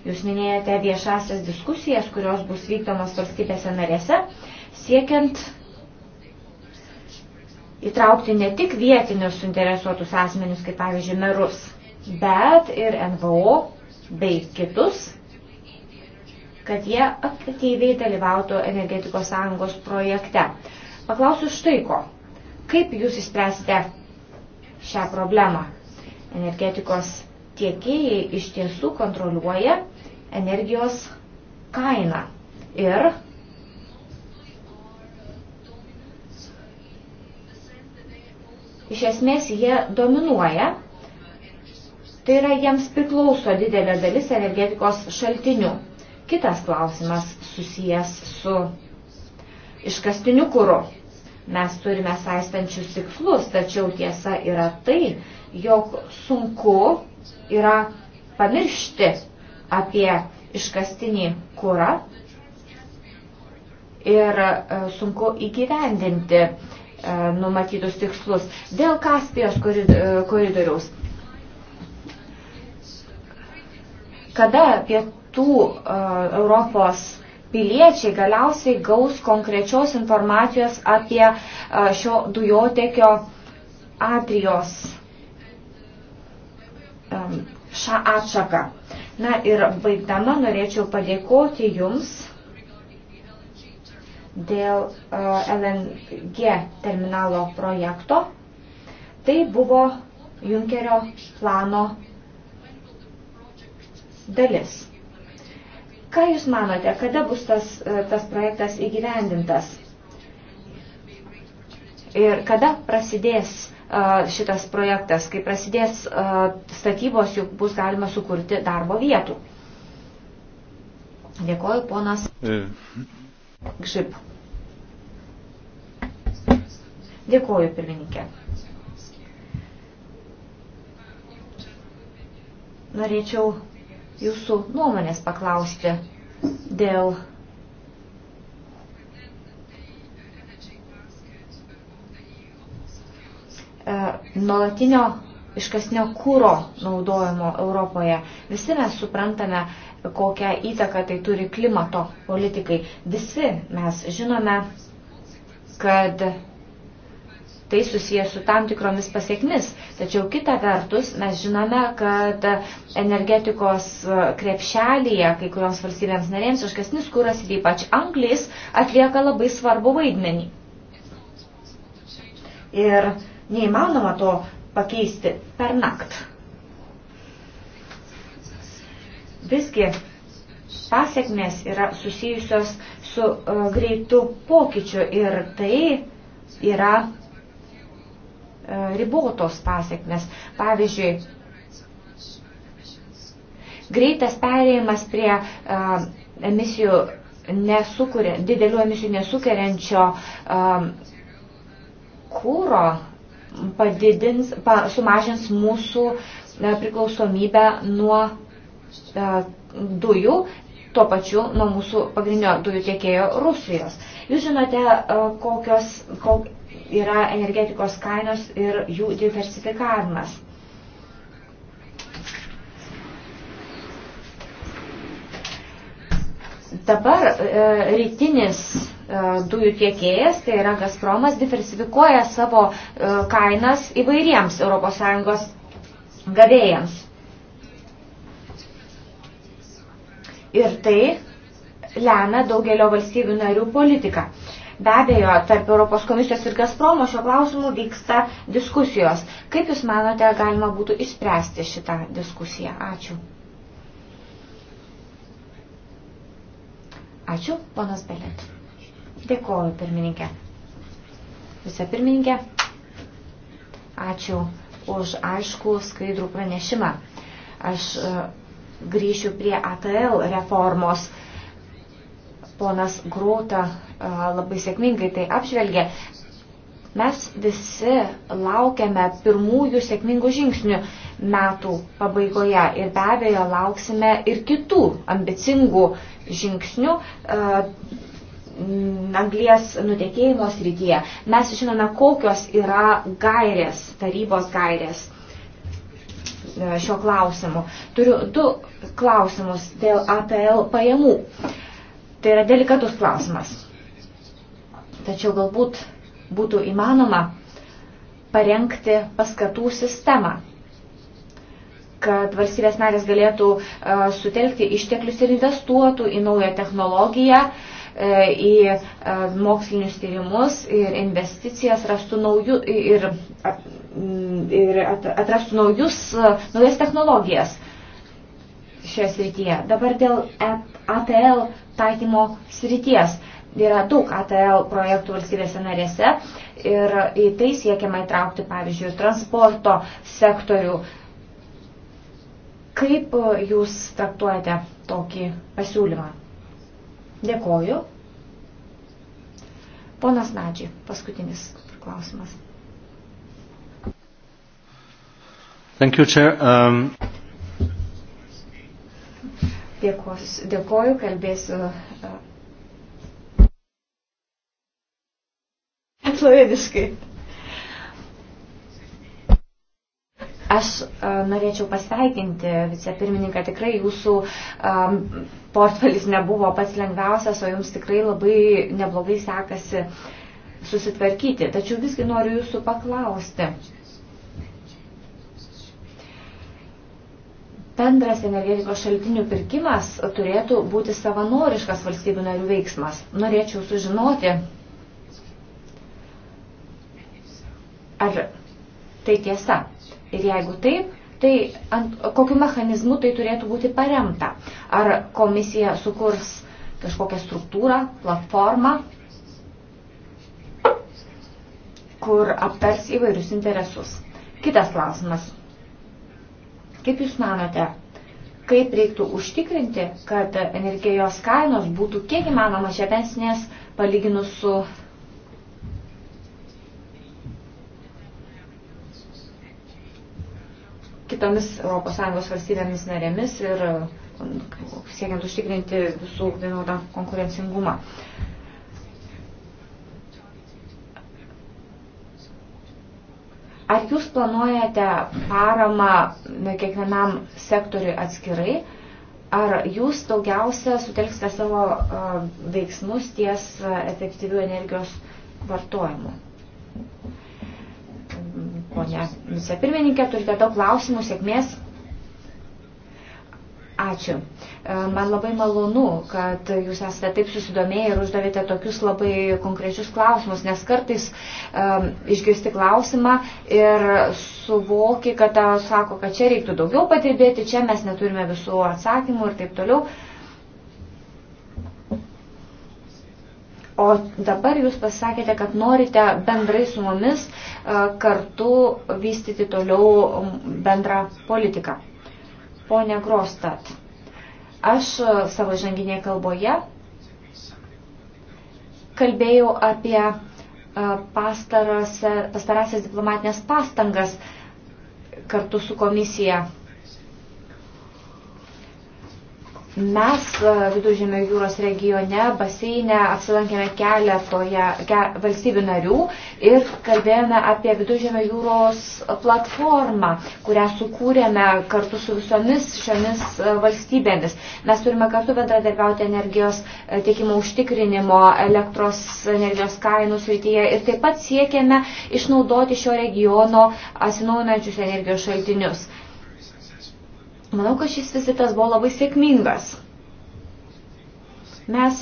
Jūs minėjote viešasias diskusijas, kurios bus vykdomos valstybėse narėse siekiant įtraukti ne tik vietinius suinteresuotus asmenius, kaip pavyzdžiui merus, bet ir NVO bei kitus, kad jie aktyviai dalyvautų energetikos sąjungos projekte. Paklausiu štai ko. Kaip jūs įspręsite šią problemą? Energetikos tiekėjai iš tiesų kontroliuoja energijos kainą ir iš esmės jie dominuoja, tai yra jiems priklauso didelė dalis energetikos šaltinių. Kitas klausimas susijęs su iškastiniu kūru. Mes turime saistančius tikslus, tačiau tiesa yra tai, jog sunku yra pamiršti apie iškastinį kūrą ir e, sunku įgyvendinti E, numatytus tikslus. Dėl Kaspijos e, koridoriaus. Kada pietų e, Europos piliečiai galiausiai gaus konkrečios informacijos apie šio dujotekio atrijos šią atšaką. Na ir baigdama norėčiau padėkoti Jums dėl e, LNG terminalo projekto. Tai buvo Junkerio plano dalis. Ką Jūs manote, kada bus tas, e, tas projektas įgyvendintas? Ir kada prasidės e, šitas projektas, kai prasidės statybos, juk bus galima sukurti darbo vietų? Dėkoju, ponas. E. Gžip. Dėkuoju, pirmininkė. Norėčiau jūsų nuomonės paklausti dėl e, nuolatinio iškasnio kūro naudojimo Europoje. Visi mes suprantame, kokią įtaką tai turi klimato politikai. Visi mes žinome, kad tai susijęs su tam tikromis pasiekmis. Tačiau kita vertus, mes žinome, kad energetikos krepšelėje kai kurioms valstybėms narėms iškasnis kuras ir ypač anglis atlieka labai svarbu vaidmenį. Ir neįmanoma to pakeisti per naktį. visgi pasiekmes yra susijusios su uh, greitu pokyčiu ir tai yra uh, ribotos pasiekmes. Pavyzdžiui, greitas perėjimas prie uh, emisijų nesukuria, didelių emisijų nesukeriančio um, kūro padidins, pa, sumažins mūsų priklausomybę nuo E, dujų, tuo pačiu nuo mūsų pagrindinio dujų tiekėjo Rusijos. Jūs žinote, e, kokios kok yra energetikos kainos ir jų diversifikavimas. Dabar e, rytinis e, dujų tiekėjas, tai yra Gazpromas, diversifikuoja savo e, kainas įvairiems ES gavėjams. Ir tai lemia daugelio valstybių narių politiką. Be abejo, tarp Europos komisijos ir Gazpromo šio klausimu vyksta diskusijos. Kaip Jūs manote, galima būtų išspręsti šitą diskusiją? Ačiū. Ačiū, ponas Belėt. Dėkoju, pirmininkė. Visa pirmininkė. Ačiū už aišku, skaidrų pranešimą. Aš uh, grįšiu prie ATL reformos. Ponas Grota labai sėkmingai tai apžvelgė. Mes visi laukiame pirmųjų sėkmingų žingsnių metų pabaigoje ir be abejo lauksime ir kitų ambicingų žingsnių anglies nutekėjimo srityje. Mes žinome, kokios yra gairės, tarybos gairės E, šio klausimu. Turiu du klausimus dėl APL pajamų. Tai yra delikatus klausimas. Tačiau galbūt būtų įmanoma parengti paskatų sistemą, kad valstybės narės galėtų e, sutelkti išteklius ir investuotų į naują technologiją, e, į mokslinius tyrimus ir investicijas rastų naujų ir Mm, ir atrastų naujus, naujas technologijas šioje srityje. Dabar dėl ATL taikymo srities. Yra daug ATL projektų valstybėse narėse ir į tai siekiama įtraukti, pavyzdžiui, transporto sektorių. Kaip jūs traktuojate tokį pasiūlymą? Dėkoju. Ponas Nadžiai, paskutinis klausimas. Thank you, Chair. Um... Dėkos, dėkoju, kalbėsiu. Uh, Sloveniškai. Aš a, uh, norėčiau pasveikinti vicepirmininką, tikrai jūsų a, um, portfelis nebuvo pats lengviausias, o jums tikrai labai neblogai sekasi susitvarkyti. Tačiau visgi noriu jūsų paklausti bendras energetikos šaltinių pirkimas turėtų būti savanoriškas valstybių narių veiksmas. Norėčiau sužinoti, ar tai tiesa. Ir jeigu taip, tai ant, kokiu mechanizmu tai turėtų būti paremta. Ar komisija sukurs kažkokią struktūrą, platformą, kur aptars įvairius interesus. Kitas klausimas. Kaip Jūs manote, kaip reiktų užtikrinti, kad energijos kainos būtų kiek įmanoma žemesnės palyginus su kitomis ES valstybėmis narėmis ir siekiant užtikrinti visų vienodą konkurencingumą. Uh, Ar jūs planuojate paramą kiekvienam sektoriui atskirai, ar jūs daugiausia sutelksite savo veiksmus ties efektyvių energijos vartojimu? Pone vicepirmininkė, turite daug klausimų, sėkmės. Ačiū. E, man labai malonu, kad jūs esate taip susidomėję ir uždavėte tokius labai konkrečius klausimus, nes kartais um, išgirsti klausimą ir suvoki, kad ta sako, kad čia reiktų daugiau patirbėti, čia mes neturime visų atsakymų ir taip toliau. O dabar jūs pasakėte, kad norite bendrai su mumis uh, kartu vystyti toliau bendrą politiką. Pone Grostat, aš e, savo žanginėje kalboje kalbėjau apie e, pastarasias diplomatinės pastangas kartu su komisija Mes e, Vidužėmio jūros regione baseinę apsilankėme keletoje ke, valstybių narių ir kalbėjome apie Vidužėmio jūros platformą, kurią sukūrėme kartu su visomis šiomis e, valstybėmis. Mes turime kartu bendradarbiauti energijos e, tiekimo užtikrinimo, elektros energijos kainų srityje ir taip pat siekėme išnaudoti šio regiono atsinaujinančius energijos šaltinius. Manau, kad šis vizitas buvo labai sėkmingas. Mes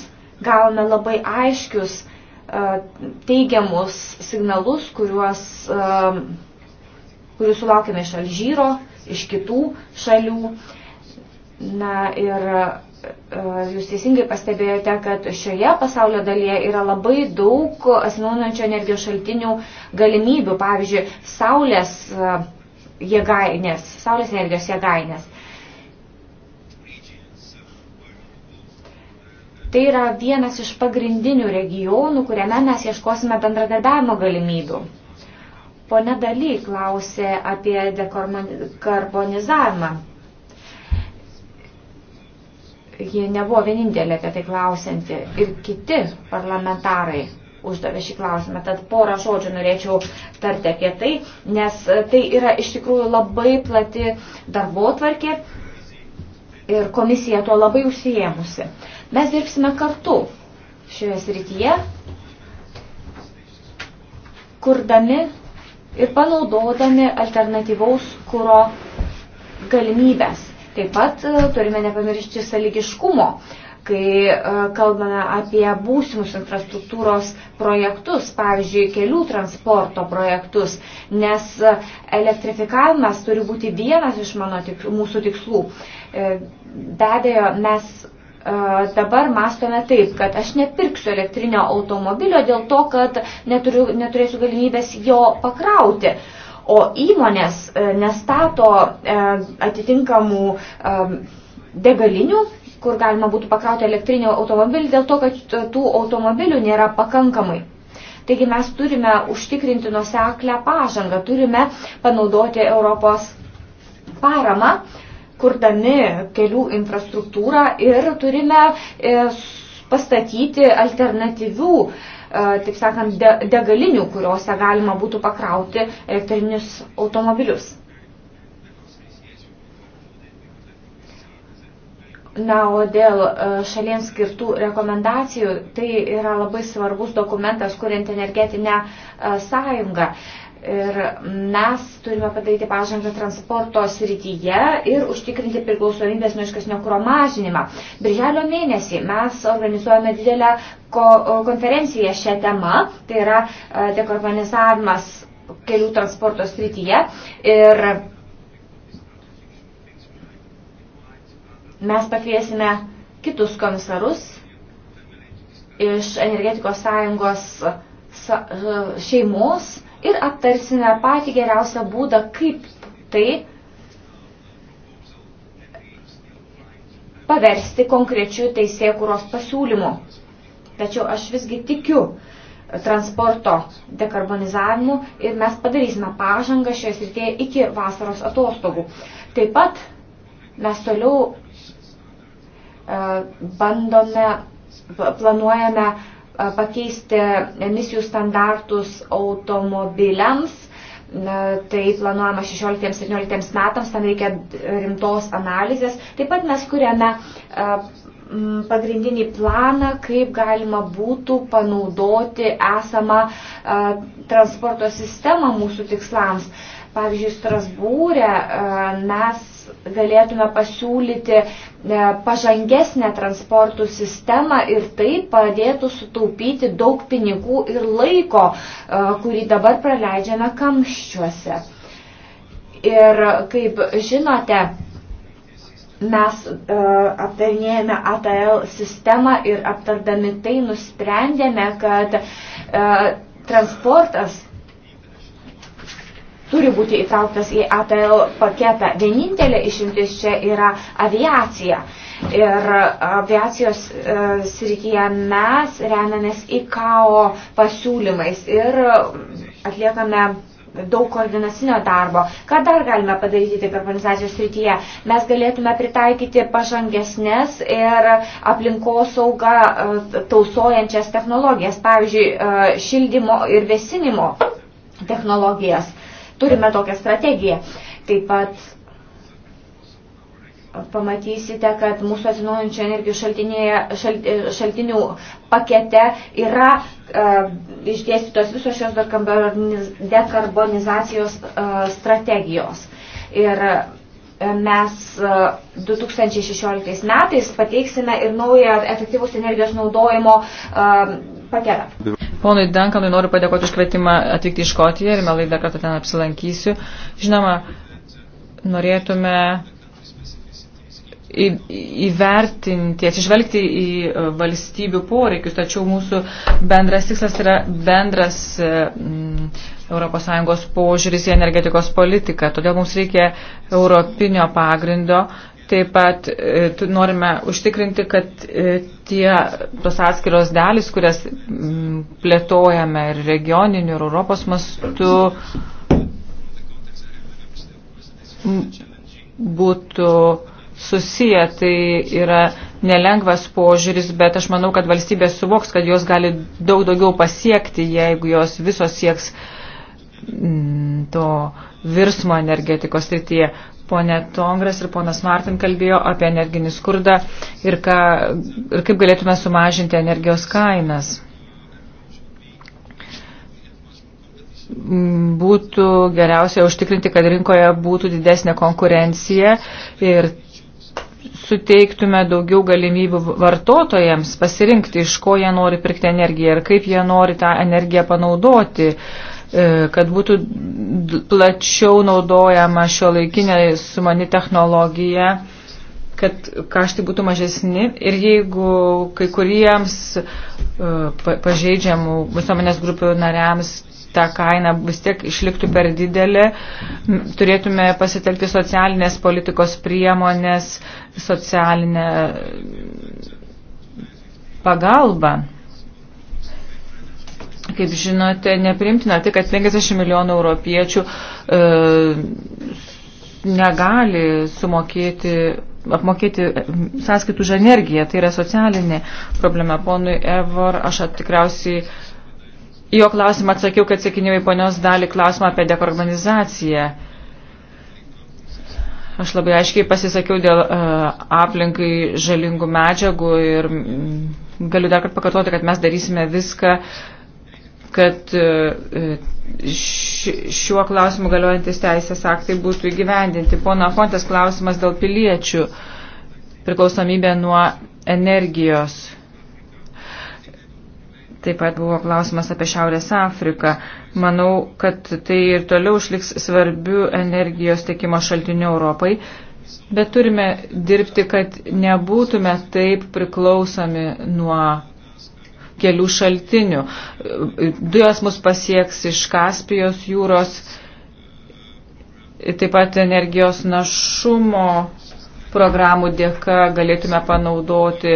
gavome labai aiškius e, teigiamus signalus, kuriuos, e, kuriuos sulaukėme iš Alžyro, iš kitų šalių. Na ir e, jūs teisingai pastebėjote, kad šioje pasaulio dalyje yra labai daug atsinaujinančio energijos šaltinių galimybių, pavyzdžiui, saulės jėgainės, saulės energijos jėgainės. Tai yra vienas iš pagrindinių regionų, kuriame mes ieškosime bendradarbiavimo galimybių. Pone Daly klausė apie dekarbonizavimą. Ji nebuvo vienintelė apie tai klausianti ir kiti parlamentarai uždavė šį klausimą. Tad porą žodžių norėčiau tarti apie tai, nes tai yra iš tikrųjų labai plati darbo tvarkė ir komisija tuo labai užsijėmusi. Mes dirbsime kartu šioje srityje, kurdami ir panaudodami alternatyvaus kūro galimybės. Taip pat e, turime nepamiršti saligiškumo, kai e, kalbame apie būsimus infrastruktūros projektus, pavyzdžiui, kelių transporto projektus, nes e, elektrifikavimas turi būti vienas iš mano tik, mūsų tikslų. Be abejo, mes dabar mastome taip, kad aš nepirksiu elektrinio automobilio dėl to, kad neturiu, neturėsiu galimybės jo pakrauti. O įmonės e, nestato e, atitinkamų e, degalinių, kur galima būtų pakrauti elektrinio automobilį dėl to, kad tų automobilių nėra pakankamai. Taigi mes turime užtikrinti nuseklę pažangą, turime panaudoti Europos paramą kurdami kelių infrastruktūrą ir turime e, pastatyti alternatyvių, e, taip sakant, degalinių, kuriuose galima būtų pakrauti elektrinius automobilius. Na, o dėl e, šaliems skirtų rekomendacijų, tai yra labai svarbus dokumentas, kuriant energetinę sąjungą. Ir mes turime padaryti pažangą transporto srityje ir užtikrinti priklausomybės nuo iškasnio kuro mažinimą. Birželio mėnesį mes organizuojame didelę ko konferenciją šią temą, tai yra e, dekarbonizavimas kelių transporto srityje. Ir mes pakviesime kitus komisarus iš energetikos sąjungos e, šeimos ir aptarsime patį geriausią būdą, kaip tai paversti konkrečių teisėkuros pasiūlymų. Tačiau aš visgi tikiu transporto dekarbonizavimu ir mes padarysime pažangą šioje srityje iki vasaros atostogų. Taip pat mes toliau e, bandome, planuojame pakeisti emisijų standartus automobiliams. Tai planuojama 16-17 metams, tam reikia rimtos analizės. Taip pat mes kuriame pagrindinį planą, kaip galima būtų panaudoti esamą transporto sistemą mūsų tikslams. Pavyzdžiui, Strasbūrė mes galėtume pasiūlyti e, pažangesnę transportų sistemą ir tai padėtų sutaupyti daug pinigų ir laiko, e, kurį dabar praleidžiame kamščiuose. Ir kaip žinote, mes e, aptarinėjame ATL sistemą ir aptardami tai nusprendėme, kad transportas turi būti įtrauktas į ATL paketą. Vienintelė išimtis čia yra aviacija. Ir aviacijos e, srityje mes remiamės ICAO pasiūlymais ir atliekame daug koordinacinio darbo. Ką dar galime padaryti dekarbonizacijos srityje? Mes galėtume pritaikyti pažangesnės ir aplinkosaugą e, tausojančias technologijas, pavyzdžiui, e, šildymo ir vėsinimo technologijas turime tokią strategiją. Taip pat pamatysite, kad mūsų atsinaujančio energijos šalt, e, šaltinių pakete yra uh, išdėstytos visos šios dekarbonizacijos uh, strategijos. Ir mes 2016 metais pateiksime ir naują efektyvus energijos naudojimo paketą. Ponui Dankanui noriu padėkoti už kvietimą atvykti į Škotiją ir melai dar kartą ten apsilankysiu. Žinoma, norėtume į, įvertinti, atsižvelgti į e, valstybių poreikius, tačiau mūsų bendras tikslas yra bendras mm, e, ES požiūris į energetikos politiką. Todėl mums reikia europinio pagrindo, Taip pat e, norime užtikrinti, kad e, tie tos atskiros dalis, kurias plėtojame ir regioniniu, ir Europos mastu, būtų susiję. Tai yra nelengvas požiūris, bet aš manau, kad valstybės suvoks, kad jos gali daug daugiau pasiekti, jeigu jos visos sieks to virsmo energetikos srityje. Pone Tongras ir ponas Martin kalbėjo apie energinį skurdą ir, ką, ir kaip galėtume sumažinti energijos kainas. Būtų geriausia užtikrinti, kad rinkoje būtų didesnė konkurencija ir suteiktume daugiau galimybių vartotojams pasirinkti, iš ko jie nori pirkti energiją ir kaip jie nori tą energiją panaudoti. Uh, E, kad būtų plačiau naudojama šio laikinė sumani technologija, kad kaštai būtų mažesni ir jeigu kai kuriems e, pažeidžiamų visuomenės grupių nariams ta kaina vis tiek išliktų per didelė, turėtume pasitelkti socialinės politikos priemonės, socialinę pagalbą. Kaip žinote, neprimtina tai, kad 50 milijonų europiečių e, negali sumokėti apmokėti e, sąskaitų už energiją. Tai yra socialinė problema. Ponui Evor, aš tikriausiai jo klausimą atsakiau, kad sakinėjau į ponios dalį klausimą apie dekarbonizaciją. Aš labai aiškiai pasisakiau dėl uh, aplinkai žalingų medžiagų ir galiu dar kartą pakartoti, kad mes darysime viską, kad e, e, šiuo klausimu galiojantis teisės aktai būtų įgyvendinti. Pono Afontės klausimas dėl piliečių priklausomybė nuo energijos. Taip pat buvo klausimas apie Šiaurės Afriką. Manau, kad tai ir toliau išliks svarbių energijos tiekimo šaltinių Europai, bet turime dirbti, kad nebūtume taip priklausomi nuo kelių šaltinių. Dujos mus pasieks iš Kaspijos jūros, taip pat energijos našumo programų dėka galėtume panaudoti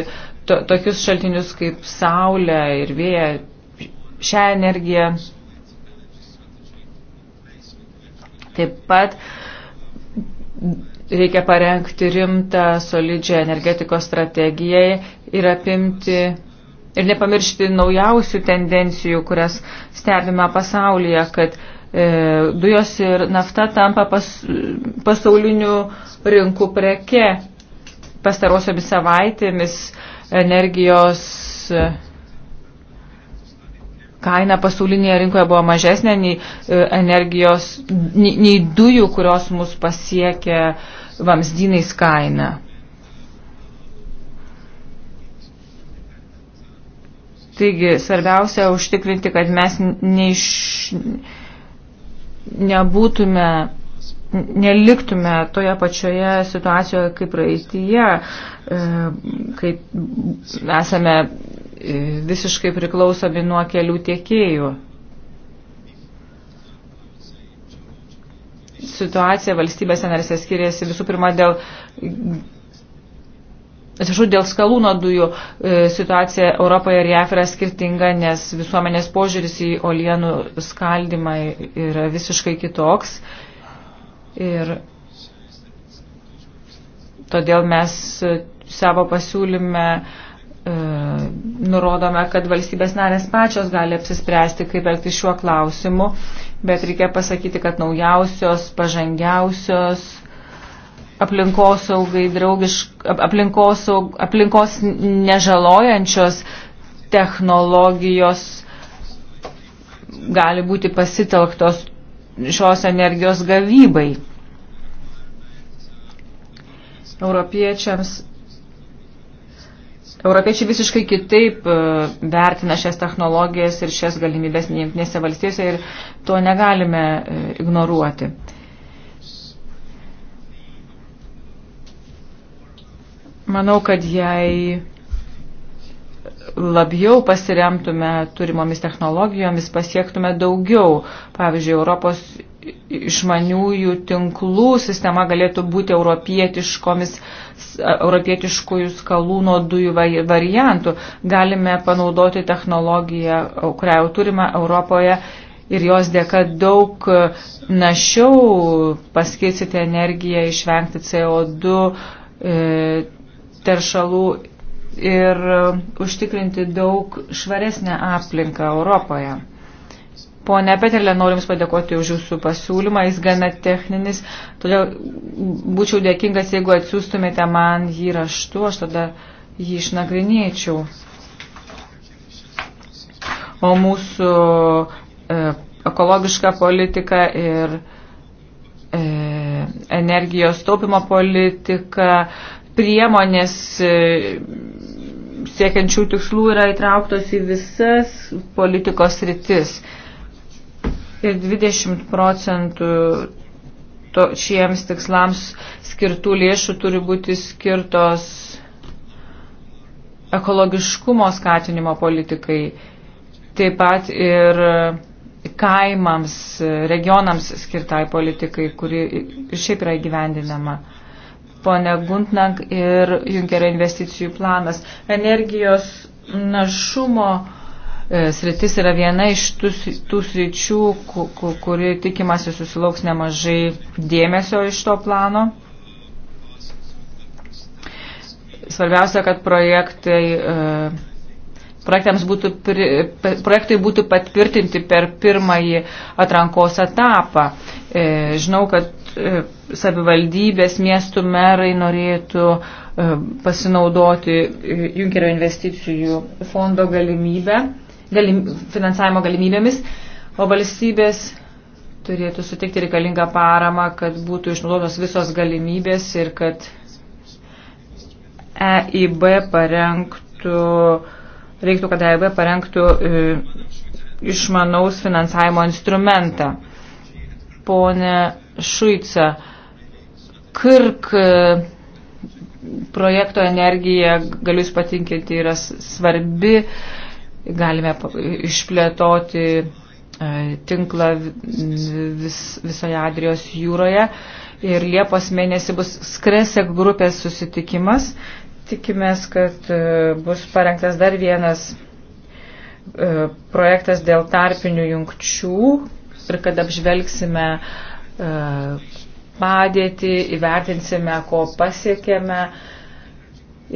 to, tokius šaltinius kaip saulė ir vėja, šią energiją. Taip pat reikia parengti rimtą, solidžią energetikos strategiją ir apimti ir nepamiršti naujausių tendencijų, kurias stebime pasaulyje, kad e, dujos ir nafta tampa pas, pasaulinių rinkų preke. Pastarosiomis savaitėmis energijos e, kaina pasaulinėje rinkoje buvo mažesnė nei e, energijos, nei, nei dujų, kurios mus pasiekė vamzdynais kaina. Taigi, svarbiausia užtikrinti, kad mes neiš, nebūtume, neliktume toje pačioje situacijoje kaip praeityje, kai esame e, visiškai priklausomi nuo kelių tiekėjų. Situacija valstybėse narėse skiriasi visų pirma dėl Atsiprašau, dėl skalūno dujų e, situacija Europoje ir JAF yra skirtinga, nes visuomenės požiūris į olienų skaldimą yra visiškai kitoks. Ir todėl mes savo pasiūlyme e, nurodome, kad valstybės narės pačios gali apsispręsti, kaip elgti šiuo klausimu, bet reikia pasakyti, kad naujausios, pažangiausios aplinkosaugai draugišk, aplinkosaug, aplinkos nežalojančios technologijos gali būti pasitelktos šios energijos gavybai. Europiečiams Europiečiai visiškai kitaip e, vertina šias technologijas ir šias galimybės nei jungtinėse valstijose ir to negalime e, ignoruoti. Manau, kad jei labiau pasiremtume turimomis technologijomis, pasiektume daugiau. Pavyzdžiui, Europos išmaniųjų tinklų sistema galėtų būti europietiškųjų skalūno dujų variantų. Galime panaudoti technologiją, kurią jau turime Europoje ir jos dėka daug našiau paskirsite energiją, išvengti CO2, teršalų ir e, užtikrinti daug švaresnę aplinką Europoje. Pone Peterle, noriu Jums padėkoti už Jūsų pasiūlymą, jis gana techninis, todėl būčiau dėkingas, jeigu atsiųstumėte man jį raštu, aš tada jį išnagrinėčiau. O mūsų e, ekologiška politika ir e, energijos taupimo politika, priemonės e, siekiančių tikslų yra įtrauktos į visas politikos rytis. Ir 20 procentų to, šiems tikslams skirtų lėšų turi būti skirtos ekologiškumo skatinimo politikai, taip pat ir kaimams, regionams skirtai politikai, kuri ir šiaip yra įgyvendinama ponia Guntnank ir Junkerio investicijų planas. Energijos našumo e, sritis yra viena iš tų, tų sričių, kuri tikimasi susilauks nemažai dėmesio iš to plano. Svarbiausia, kad projektai, e, projektams būtų, projektai būtų patvirtinti per pirmąjį atrankos etapą. E, žinau, kad E, savivaldybės, miestų merai norėtų e, pasinaudoti e, Junkerio investicijų fondo galimybę, galim, finansavimo galimybėmis, o valstybės turėtų sutikti reikalingą paramą, kad būtų išnaudotos visos galimybės ir kad EIB parengtų, reiktų, kad EIB parengtų išmanaus finansavimo instrumentą ponę Šuicą. Kirk e, projekto energija, galiu jūs patinkinti, yra svarbi. Galime išplėtoti e, tinklą vis, visoje Adrijos jūroje. Ir Liepos mėnesį bus Skresek grupės susitikimas. Tikimės, kad e, bus parengtas dar vienas projektas dėl tarpinių jungčių, ir kad apžvelgsime e, padėtį, įvertinsime, ko pasiekėme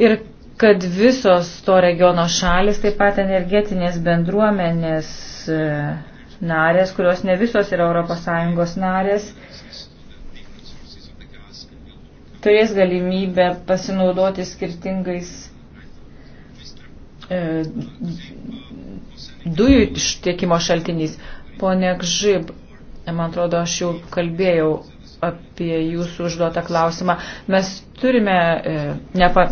ir kad visos to regiono šalis, taip pat energetinės bendruomenės e, narės, kurios ne visos yra ES narės, turės galimybę pasinaudoti skirtingais e, dujų ištiekimo šaltiniais. Pone Gžib, man atrodo, aš jau kalbėjau apie jūsų užduotą klausimą. Mes turime e, nepa,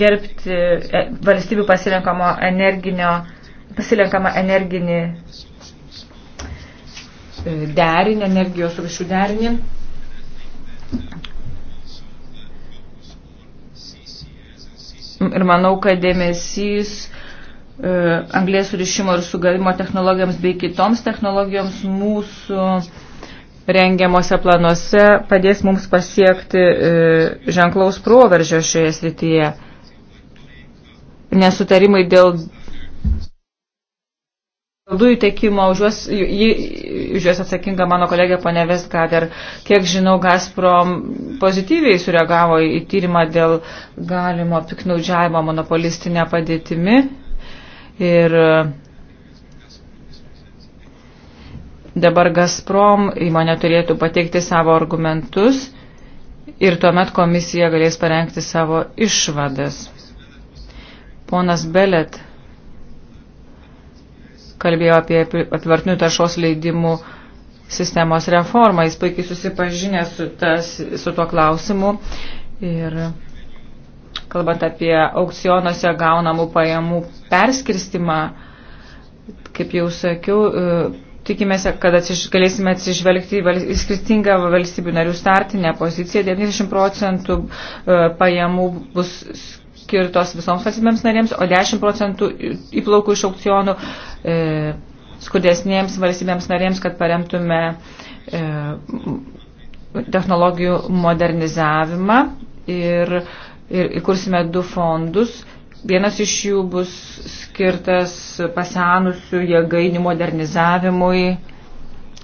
gerbti e, valstybių pasirenkamo energinio, pasirenkamą energinį e, derinį, energijos rūšių derinį. Ir manau, kad dėmesys E, anglės surišimo ir sugarimo technologijoms bei kitoms technologijoms mūsų rengiamuose planuose padės mums pasiekti e, ženklaus proveržio šioje srityje. Nesutarimai dėl dujų tekimo, už juos, jį, už juos atsakinga mano kolegė ponė Vestgader. Kiek žinau, Gazprom pozityviai sureagavo į tyrimą dėl galimo piknaudžiavimo monopolistinę padėtimi Ir e, dabar Gazprom įmonė turėtų pateikti savo argumentus ir tuomet komisija galės parengti savo išvadas. Ponas Belet kalbėjo apie apivartinių taršos leidimų sistemos reformą. Jis puikiai susipažinė su, tas, su tuo klausimu ir kalbant apie aukcionuose gaunamų pajamų perskirstimą, kaip jau sakiau, e, tikimės, kad atsiž, galėsime atsižvelgti į, val, į skirtingą valstybių narių startinę poziciją. 90 procentų e, pajamų bus skirtos visoms valstybėms narėms, o 10 procentų įplaukų iš aukcionų e, skurdesnėms valstybėms narėms, kad paremtume e, technologijų modernizavimą ir e, ir įkursime du fondus. Vienas iš jų bus skirtas pasenusių jėgainių modernizavimui,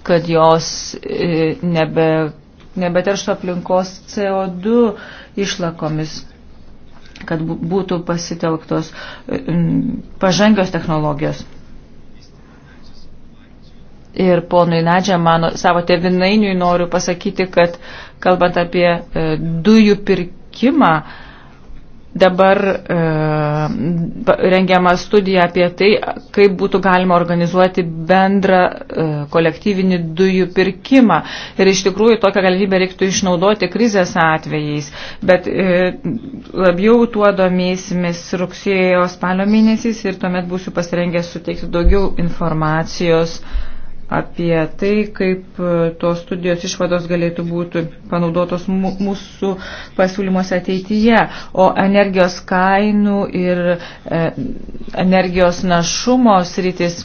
kad jos e, nebe, nebeterštų aplinkos CO2 išlakomis kad būtų pasitelktos e, pažangios technologijos. Ir ponui Nadžia, mano savo tevinainiui noriu pasakyti, kad kalbant apie e, dujų pirkimą, Dabar e, rengiama studija apie tai, kaip būtų galima organizuoti bendrą e, kolektyvinį dujų pirkimą. Ir iš tikrųjų tokią galimybę reiktų išnaudoti krizės atvejais. Bet e, labiau tuo domėsimės rugsėjo spalio mėnesiais ir tuomet būsiu pasirengęs suteikti daugiau informacijos. E, apie tai, kaip e, tos studijos išvados galėtų būti panaudotos mūsų pasiūlymuose ateityje. O energijos kainų ir e, energijos našumo sritis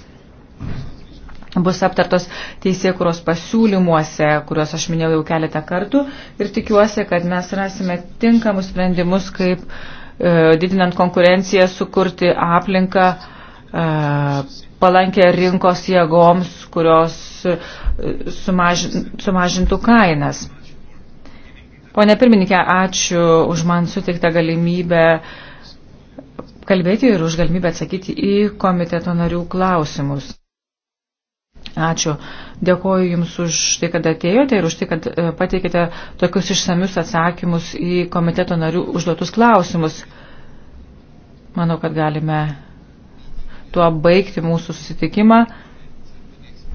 bus aptartos teisėkuros pasiūlymuose, kuriuos aš minėjau jau keletą kartų ir tikiuosi, kad mes rasime tinkamus sprendimus, kaip e, didinant konkurenciją sukurti aplinką e, palankę rinkos jėgoms, kurios e, sumažin, sumažintų kainas. Pone pirmininkė, ačiū už man sutiktą galimybę kalbėti ir už galimybę atsakyti į komiteto narių klausimus. Ačiū. Dėkuoju Jums už tai, kad atėjote ir už tai, kad e, pateikėte tokius išsamius atsakymus į komiteto narių užduotus klausimus. Manau, kad galime tuo baigti mūsų susitikimą.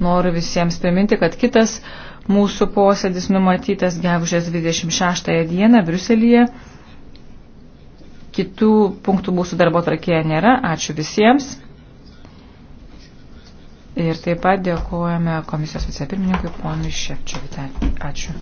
Noriu visiems priminti, kad kitas mūsų posėdis numatytas gegužės 26 dieną Briuselėje. Kitų punktų mūsų darbo trakėje nėra. Ačiū visiems. Ir taip pat dėkojame komisijos vicepirmininkui ponui Šepčiovitai. Ačiū.